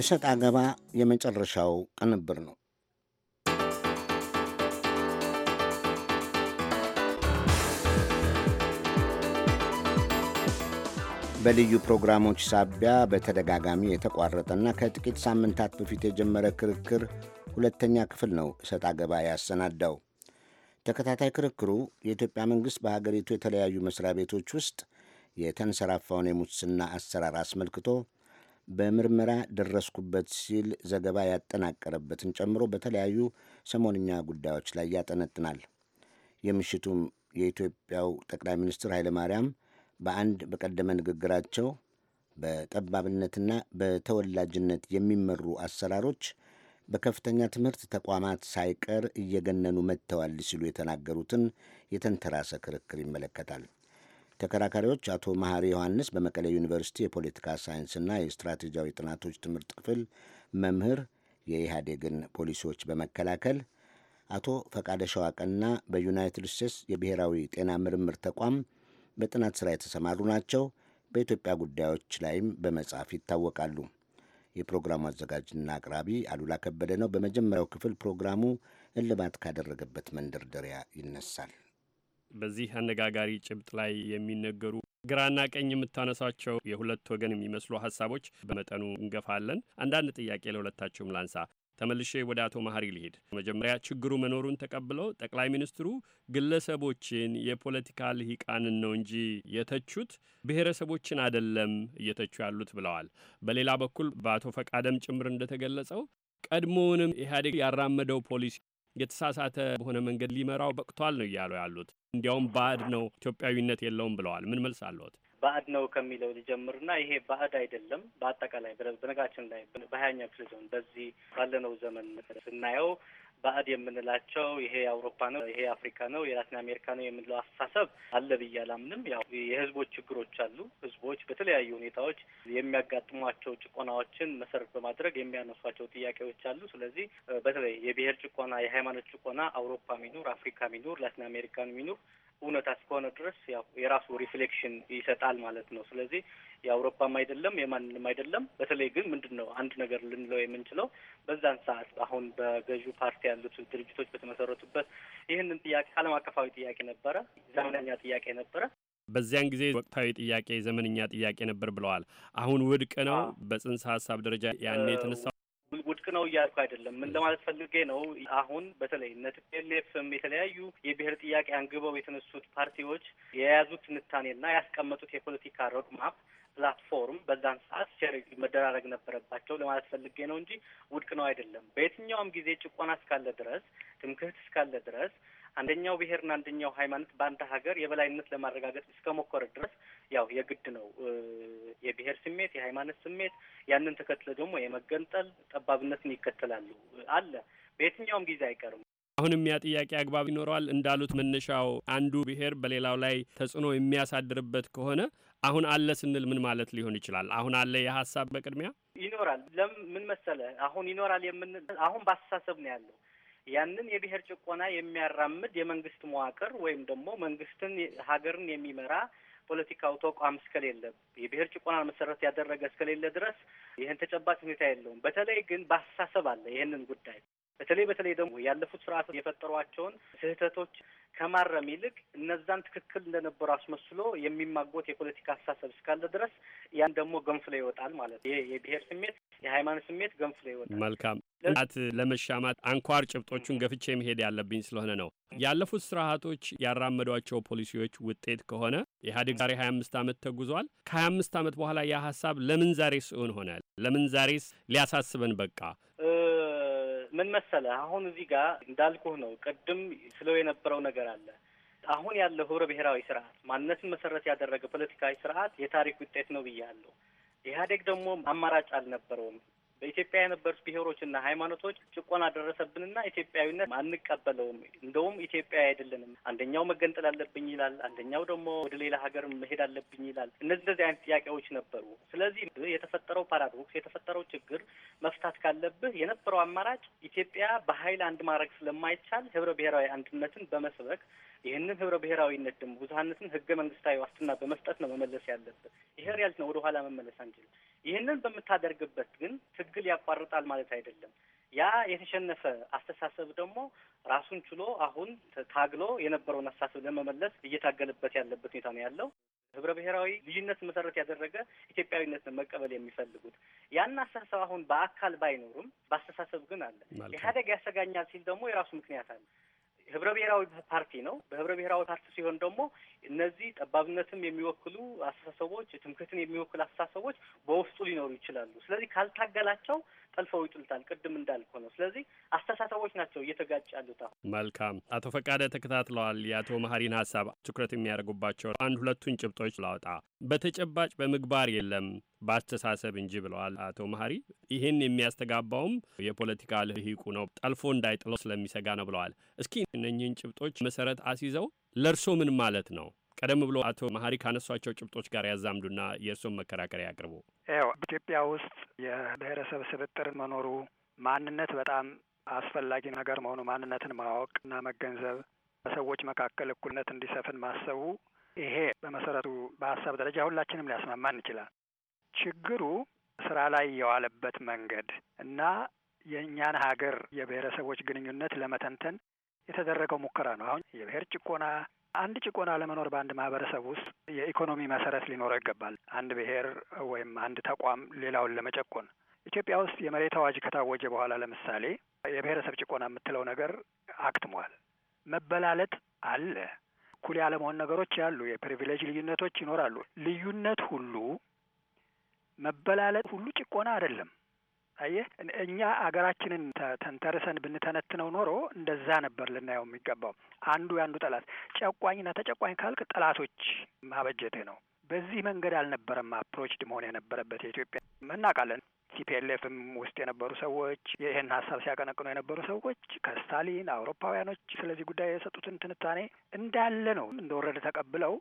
እሰጥ አገባ የመጨረሻው ቅንብር ነው። በልዩ ፕሮግራሞች ሳቢያ በተደጋጋሚ የተቋረጠና ከጥቂት ሳምንታት በፊት የጀመረ ክርክር ሁለተኛ ክፍል ነው እሰጥ አገባ ያሰናዳው። ተከታታይ ክርክሩ የኢትዮጵያ መንግሥት በሀገሪቱ የተለያዩ መስሪያ ቤቶች ውስጥ የተንሰራፋውን የሙስና አሰራር አስመልክቶ በምርመራ ደረስኩበት ሲል ዘገባ ያጠናቀረበትን ጨምሮ በተለያዩ ሰሞንኛ ጉዳዮች ላይ ያጠነጥናል። የምሽቱም የኢትዮጵያው ጠቅላይ ሚኒስትር ኃይለማርያም በአንድ በቀደመ ንግግራቸው በጠባብነትና በተወላጅነት የሚመሩ አሰራሮች በከፍተኛ ትምህርት ተቋማት ሳይቀር እየገነኑ መጥተዋል ሲሉ የተናገሩትን የተንተራሰ ክርክር ይመለከታል። ተከራካሪዎች አቶ መሐሪ ዮሐንስ በመቀሌ ዩኒቨርሲቲ የፖለቲካ ሳይንስና የስትራቴጂያዊ ጥናቶች ትምህርት ክፍል መምህር የኢህአዴግን ፖሊሲዎች በመከላከል አቶ ፈቃደ ሸዋቀና በዩናይትድ ስቴትስ የብሔራዊ ጤና ምርምር ተቋም በጥናት ሥራ የተሰማሩ ናቸው። በኢትዮጵያ ጉዳዮች ላይም በመጻፍ ይታወቃሉ። የፕሮግራሙ አዘጋጅና አቅራቢ አሉላ ከበደ ነው። በመጀመሪያው ክፍል ፕሮግራሙ እልባት ካደረገበት መንደርደሪያ ይነሳል። በዚህ አነጋጋሪ ጭብጥ ላይ የሚነገሩ ግራና ቀኝ የምታነሷቸው የሁለት ወገን የሚመስሉ ሀሳቦች በመጠኑ እንገፋለን። አንዳንድ ጥያቄ ለሁለታችሁም ላንሳ። ተመልሼ ወደ አቶ መሀሪ ሊሄድ መጀመሪያ ችግሩ መኖሩን ተቀብለው ጠቅላይ ሚኒስትሩ ግለሰቦችን የፖለቲካ ልሂቃንን ነው እንጂ የተቹት ብሔረሰቦችን አደለም እየተቹ ያሉት ብለዋል። በሌላ በኩል በአቶ ፈቃደም ጭምር እንደተገለጸው ቀድሞውንም ኢህአዴግ ያራመደው ፖሊሲ የተሳሳተ በሆነ መንገድ ሊመራው በቅቷል ነው እያሉ ያሉት። እንዲያውም ባዕድ ነው፣ ኢትዮጵያዊነት የለውም ብለዋል። ምን መልስ አለዎት? ባዕድ ነው ከሚለው ልጀምርና ይሄ ባዕድ አይደለም። በአጠቃላይ በነጋችን ላይ በሀያኛ ክፍለ ዘመን በዚህ ባለነው ዘመን ስናየው ባዕድ የምንላቸው ይሄ አውሮፓ ነው፣ ይሄ አፍሪካ ነው፣ የላቲን አሜሪካ ነው የምንለው አስተሳሰብ አለ ብዬ አላምንም። ያው የህዝቦች ችግሮች አሉ። ህዝቦች በተለያዩ ሁኔታዎች የሚያጋጥሟቸው ጭቆናዎችን መሰረት በማድረግ የሚያነሷቸው ጥያቄዎች አሉ። ስለዚህ በተለይ የብሔር ጭቆና፣ የሃይማኖት ጭቆና አውሮፓ ሚኖር አፍሪካ ሚኖር፣ ላቲን አሜሪካን ሚኖር እውነታ እስከሆነ ድረስ ያው የራሱ ሪፍሌክሽን ይሰጣል ማለት ነው። ስለዚህ የአውሮፓም አይደለም የማንንም አይደለም። በተለይ ግን ምንድን ነው አንድ ነገር ልንለው የምንችለው በዛን ሰዓት አሁን በገዢው ፓርቲ ያሉት ድርጅቶች በተመሰረቱበት ይህንን ጥያቄ ዓለም አቀፋዊ ጥያቄ ነበረ፣ ዘመነኛ ጥያቄ ነበረ። በዚያን ጊዜ ወቅታዊ ጥያቄ፣ ዘመነኛ ጥያቄ ነበር ብለዋል። አሁን ውድቅ ነው በጽንሰ ሀሳብ ደረጃ ያኔ የተነሳ ውድቅ ነው እያልኩ አይደለም። ምን ለማለት ፈልጌ ነው፣ አሁን በተለይ እነ ቲፒኤልኤፍም የተለያዩ የብሔር ጥያቄ አንግበው የተነሱት ፓርቲዎች የያዙት ትንታኔና ያስቀመጡት የፖለቲካ ሮድማፕ ፕላትፎርም በዛን ሰዓት ሸር መደራረግ ነበረባቸው ለማለት ፈልጌ ነው እንጂ ውድቅ ነው አይደለም። በየትኛውም ጊዜ ጭቆና እስካለ ድረስ፣ ትምክህት እስካለ ድረስ አንደኛው ብሔርና አንደኛው ሃይማኖት በአንድ ሀገር የበላይነት ለማረጋገጥ እስከሞከረ ድረስ ያው የግድ ነው። የብሔር ስሜት፣ የሃይማኖት ስሜት ያንን ተከትለ ደግሞ የመገንጠል ጠባብነትን ይከተላሉ አለ በየትኛውም ጊዜ አይቀርም። አሁንም ያ ጥያቄ አግባብ ይኖረዋል እንዳሉት መነሻው አንዱ ብሔር በሌላው ላይ ተጽዕኖ የሚያሳድርበት ከሆነ አሁን አለ ስንል ምን ማለት ሊሆን ይችላል? አሁን አለ የሀሳብ በቅድሚያ ይኖራል። ለምን መሰለ አሁን ይኖራል የምን አሁን በአስተሳሰብ ነው ያለው ያንን የብሔር ጭቆና የሚያራምድ የመንግስት መዋቅር ወይም ደግሞ መንግስትን ሀገርን የሚመራ ፖለቲካው ተቋም እስከሌለ የብሔር ጭቆናን መሰረት ያደረገ እስከሌለ ድረስ ይህን ተጨባጭ ሁኔታ የለውም። በተለይ ግን በአስተሳሰብ አለ ይህንን ጉዳይ በተለይ በተለይ ደግሞ ያለፉት ስርዓት የፈጠሯቸውን ስህተቶች ከማረም ይልቅ እነዛን ትክክል እንደነበሩ አስመስሎ የሚማጎት የፖለቲካ አስተሳሰብ እስካለ ድረስ ያን ደግሞ ገንፍሎ ይወጣል ማለት ነው። ይሄ የብሔር ስሜት፣ የሃይማኖት ስሜት ገንፍሎ ይወጣል። መልካም ት ለመሻማት አንኳር ጭብጦቹን ገፍቼ መሄድ ያለብኝ ስለሆነ ነው። ያለፉት ስርዓቶች ያራመዷቸው ፖሊሲዎች ውጤት ከሆነ ኢህአዴግ ዛሬ 25 ዓመት ተጉዟል። ከ25 ዓመት በኋላ ያ ሀሳብ ለምን ዛሬስ እውን ሆነ? ለምን ዛሬስ ሊያሳስበን በቃ ምን መሰለህ አሁን እዚህ ጋር እንዳልኩህ ነው። ቅድም ስለው የነበረው ነገር አለ። አሁን ያለው ህብረ ብሔራዊ ስርዓት ማንነትን መሰረት ያደረገ ፖለቲካዊ ስርዓት የታሪክ ውጤት ነው ብያለሁ። ኢህአዴግ ደግሞ አማራጭ አልነበረውም። በኢትዮጵያ የነበሩት ብሔሮችና ሃይማኖቶች ጭቆና ደረሰብንና ኢትዮጵያዊነት አንቀበለውም፣ እንደውም ኢትዮጵያ አይደለንም፣ አንደኛው መገንጠል አለብኝ ይላል፣ አንደኛው ደግሞ ወደ ሌላ ሀገር መሄድ አለብኝ ይላል። እነዚህ እንደዚህ አይነት ጥያቄዎች ነበሩ። ስለዚህ የተፈጠረው ፓራዶክስ የተፈጠረው ችግር መፍታት ካለብህ የነበረው አማራጭ ኢትዮጵያ በኃይል አንድ ማድረግ ስለማይቻል ህብረ ብሔራዊ አንድነትን በመስበክ ይህንን ህብረ ብሔራዊነት ደግሞ ብዙሀነትን ህገ መንግስታዊ ዋስትና በመስጠት ነው መመለስ ያለበት ይሄ ሪያልት ነው። ወደኋላ መመለስ አንችልም። ይህንን በምታደርግበት ግን ትግል ያቋርጣል ማለት አይደለም። ያ የተሸነፈ አስተሳሰብ ደግሞ ራሱን ችሎ አሁን ታግሎ የነበረውን አስተሳሰብ ለመመለስ እየታገለበት ያለበት ሁኔታ ነው ያለው። ህብረ ብሔራዊ ልዩነት መሰረት ያደረገ ኢትዮጵያዊነትን መቀበል የሚፈልጉት ያን አስተሳሰብ አሁን በአካል ባይኖርም በአስተሳሰብ ግን አለ። ኢህአዴግ ያሰጋኛል ሲል ደግሞ የራሱ ምክንያት አለ። ህብረ ብሔራዊ ፓርቲ ነው። በህብረ ብሔራዊ ፓርቲ ሲሆን ደግሞ እነዚህ ጠባብነትም የሚወክሉ አስተሳሰቦች፣ ትምክህትን የሚወክሉ አስተሳሰቦች በውስጡ ሊኖሩ ይችላሉ። ስለዚህ ካልታገላቸው ጠልፈው ይጥሉታል። ቅድም እንዳልኩ ነው። ስለዚህ አስተሳሰቦች ናቸው እየተጋጭ ያሉት። አሁን መልካም አቶ ፈቃደ ተከታትለዋል። የአቶ መሀሪን ሀሳብ ትኩረት የሚያደርጉባቸው አንድ ሁለቱን ጭብጦች ላውጣ። በተጨባጭ በምግባር የለም በአስተሳሰብ እንጂ ብለዋል አቶ መሀሪ። ይህን የሚያስተጋባውም የፖለቲካ ልሂቁ ነው፣ ጠልፎ እንዳይጥለው ስለሚሰጋ ነው ብለዋል። እስኪ እነኚህን ጭብጦች መሰረት አስይዘው ለእርሶ ምን ማለት ነው? ቀደም ብሎ አቶ መሀሪ ካነሷቸው ጭብጦች ጋር ያዛምዱና የእርስዎን መከራከሪያ ያቅርቡ። ያው ኢትዮጵያ ውስጥ የብሔረሰብ ስብጥር መኖሩ ማንነት በጣም አስፈላጊ ነገር መሆኑ ማንነትን ማወቅ እና መገንዘብ፣ በሰዎች መካከል እኩልነት እንዲሰፍን ማሰቡ ይሄ በመሰረቱ በሀሳብ ደረጃ ሁላችንም ሊያስማማን ይችላል። ችግሩ ስራ ላይ የዋለበት መንገድ እና የእኛን ሀገር የብሔረሰቦች ግንኙነት ለመተንተን የተደረገው ሙከራ ነው። አሁን የብሔር ጭቆና አንድ ጭቆና ለመኖር በአንድ ማህበረሰብ ውስጥ የኢኮኖሚ መሰረት ሊኖረው ይገባል። አንድ ብሔር ወይም አንድ ተቋም ሌላውን ለመጨቆን ኢትዮጵያ ውስጥ የመሬት አዋጅ ከታወጀ በኋላ ለምሳሌ የብሔረሰብ ጭቆና የምትለው ነገር አክትሟል። መበላለጥ አለ። እኩል ያለመሆን ነገሮች ያሉ፣ የፕሪቪሌጅ ልዩነቶች ይኖራሉ። ልዩነት ሁሉ መበላለጥ ሁሉ ጭቆና አይደለም። አየህ እኛ አገራችንን ተንተርሰን ብንተነትነው ኖሮ እንደዛ ነበር ልናየው የሚገባው። አንዱ የአንዱ ጠላት ጨቋኝና ተጨቋኝ ካልክ ጠላቶች ማበጀትህ ነው። በዚህ መንገድ አልነበረም አፕሮችድ መሆን የነበረበት የኢትዮጵያ እናውቃለን። ቲፒኤልኤፍም ውስጥ የነበሩ ሰዎች ይህን ሀሳብ ሲያቀነቅኑ የነበሩ ሰዎች ከስታሊን አውሮፓውያኖች ስለዚህ ጉዳይ የሰጡትን ትንታኔ እንዳለ ነው እንደወረደ ተቀብለው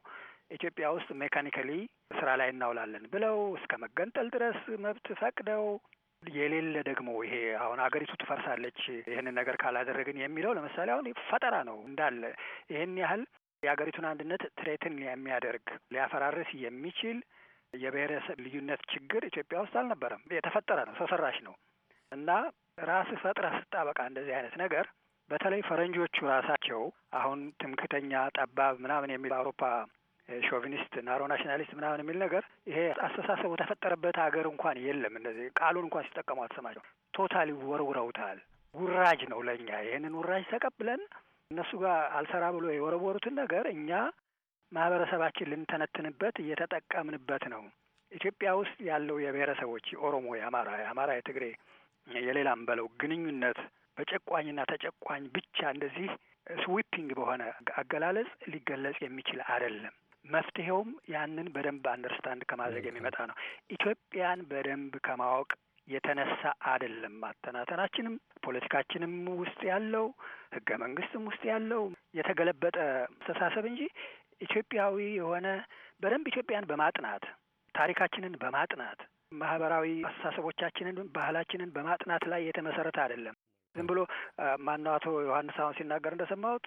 ኢትዮጵያ ውስጥ ሜካኒካሊ ስራ ላይ እናውላለን ብለው እስከ መገንጠል ድረስ መብት ፈቅደው የሌለ ደግሞ ይሄ አሁን አገሪቱ ትፈርሳለች ይህንን ነገር ካላደረግን የሚለው ለምሳሌ አሁን ፈጠራ ነው እንዳለ ይህን ያህል የአገሪቱን አንድነት ትሬትን የሚያደርግ ሊያፈራርስ የሚችል የብሔረሰብ ልዩነት ችግር ኢትዮጵያ ውስጥ አልነበረም። የተፈጠረ ነው፣ ሰው ሰራሽ ነው እና ራስ ፈጥረ ስታበቃ እንደዚህ አይነት ነገር በተለይ ፈረንጆቹ ራሳቸው አሁን ትምክተኛ፣ ጠባብ ምናምን የሚል አውሮፓ ሾቪኒስት ናሮ ናሽናሊስት ምናምን የሚል ነገር ይሄ አስተሳሰቡ ተፈጠረበት ሀገር እንኳን የለም። እነዚህ ቃሉን እንኳን ሲጠቀሙ አትሰማቸው። ቶታሊ ወርውረውታል። ውራጅ ነው ለእኛ። ይህንን ውራጅ ተቀብለን እነሱ ጋር አልሰራ ብሎ የወረወሩትን ነገር እኛ ማህበረሰባችን ልንተነትንበት እየተጠቀምንበት ነው። ኢትዮጵያ ውስጥ ያለው የብሔረሰቦች የኦሮሞ፣ የአማራ፣ የአማራ፣ የትግሬ፣ የሌላም በለው ግንኙነት በጨቋኝና ተጨቋኝ ብቻ እንደዚህ ስዊፒንግ በሆነ አገላለጽ ሊገለጽ የሚችል አይደለም። መፍትሄውም ያንን በደንብ አንደርስታንድ ከማድረግ የሚመጣ ነው። ኢትዮጵያን በደንብ ከማወቅ የተነሳ አይደለም ማተናተናችንም ፖለቲካችንም ውስጥ ያለው ህገ መንግስትም ውስጥ ያለው የተገለበጠ አስተሳሰብ እንጂ ኢትዮጵያዊ የሆነ በደንብ ኢትዮጵያን በማጥናት ታሪካችንን በማጥናት ማህበራዊ አስተሳሰቦቻችንን፣ ባህላችንን በማጥናት ላይ የተመሰረተ አይደለም። ዝም ብሎ ማነው አቶ ዮሐንስ አሁን ሲናገር እንደሰማሁት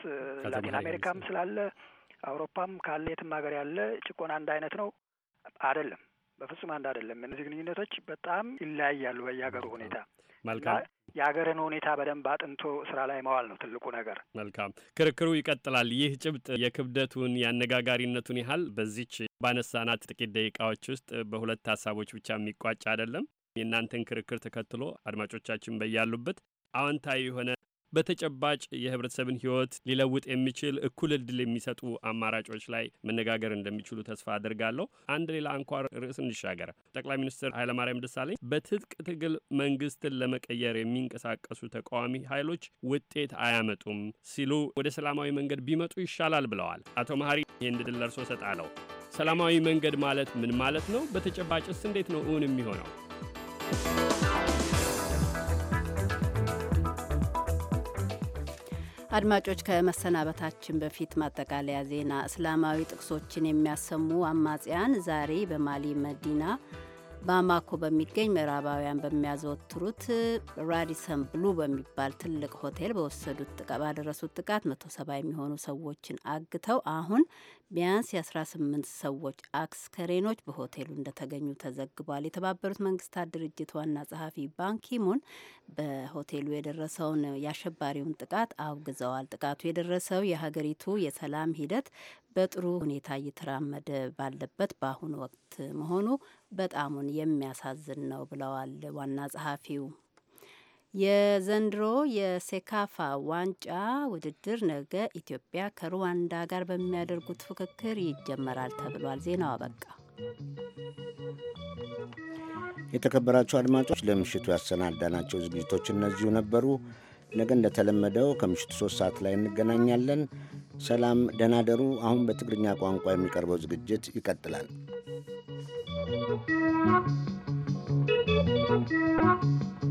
ላቲን አሜሪካም ስላለ አውሮፓም ካለ የትም ሀገር ያለ ጭቆና አንድ አይነት ነው አይደለም። በፍጹም አንድ አይደለም። እነዚህ ግንኙነቶች በጣም ይለያያሉ በየሀገሩ ሁኔታ። መልካም የሀገርን ሁኔታ በደንብ አጥንቶ ስራ ላይ መዋል ነው ትልቁ ነገር። መልካም ክርክሩ ይቀጥላል። ይህ ጭብጥ የክብደቱን የአነጋጋሪነቱን ያህል በዚች ባነሳናት ጥቂት ደቂቃዎች ውስጥ በሁለት ሀሳቦች ብቻ የሚቋጭ አይደለም። የእናንተን ክርክር ተከትሎ አድማጮቻችን በያሉበት አዎንታዊ የሆነ በተጨባጭ የህብረተሰብን ህይወት ሊለውጥ የሚችል እኩል እድል የሚሰጡ አማራጮች ላይ መነጋገር እንደሚችሉ ተስፋ አድርጋለሁ። አንድ ሌላ አንኳር ርዕስ እንሻገር። ጠቅላይ ሚኒስትር ኃይለማርያም ደሳለኝ በትጥቅ ትግል መንግስትን ለመቀየር የሚንቀሳቀሱ ተቃዋሚ ኃይሎች ውጤት አያመጡም ሲሉ ወደ ሰላማዊ መንገድ ቢመጡ ይሻላል ብለዋል። አቶ መሀሪ ይህን ድል ለርሶ ሰጣለሁ። ሰላማዊ መንገድ ማለት ምን ማለት ነው? በተጨባጭስ እንዴት ነው እውን የሚሆነው? አድማጮች ከመሰናበታችን በፊት ማጠቃለያ ዜና። እስላማዊ ጥቅሶችን የሚያሰሙ አማጽያን ዛሬ በማሊ መዲና ባማኮ በሚገኝ ምዕራባውያን በሚያዘወትሩት ራዲሰን ብሉ በሚባል ትልቅ ሆቴል በወሰዱት ባደረሱት ጥቃት መቶ ሰባ የሚሆኑ ሰዎችን አግተው አሁን ቢያንስ የ18 ሰዎች አስከሬኖች በሆቴሉ እንደተገኙ ተዘግቧል። የተባበሩት መንግስታት ድርጅት ዋና ጸሐፊ ባንኪሙን በሆቴሉ የደረሰውን የአሸባሪውን ጥቃት አውግዘዋል። ጥቃቱ የደረሰው የሀገሪቱ የሰላም ሂደት በጥሩ ሁኔታ እየተራመደ ባለበት በአሁኑ ወቅት መሆኑ በጣሙን የሚያሳዝን ነው ብለዋል ዋና ጸሐፊው። የዘንድሮ የሴካፋ ዋንጫ ውድድር ነገ ኢትዮጵያ ከሩዋንዳ ጋር በሚያደርጉት ፍክክር ይጀመራል ተብሏል። ዜናው አበቃ። የተከበራቸው አድማጮች ለምሽቱ ያሰናዳናቸው ዝግጅቶች እነዚሁ ነበሩ። ነገ እንደተለመደው ከምሽቱ ሶስት ሰዓት ላይ እንገናኛለን። ሰላም፣ ደህና ደሩ። አሁን በትግርኛ ቋንቋ የሚቀርበው ዝግጅት ይቀጥላል። Thank you.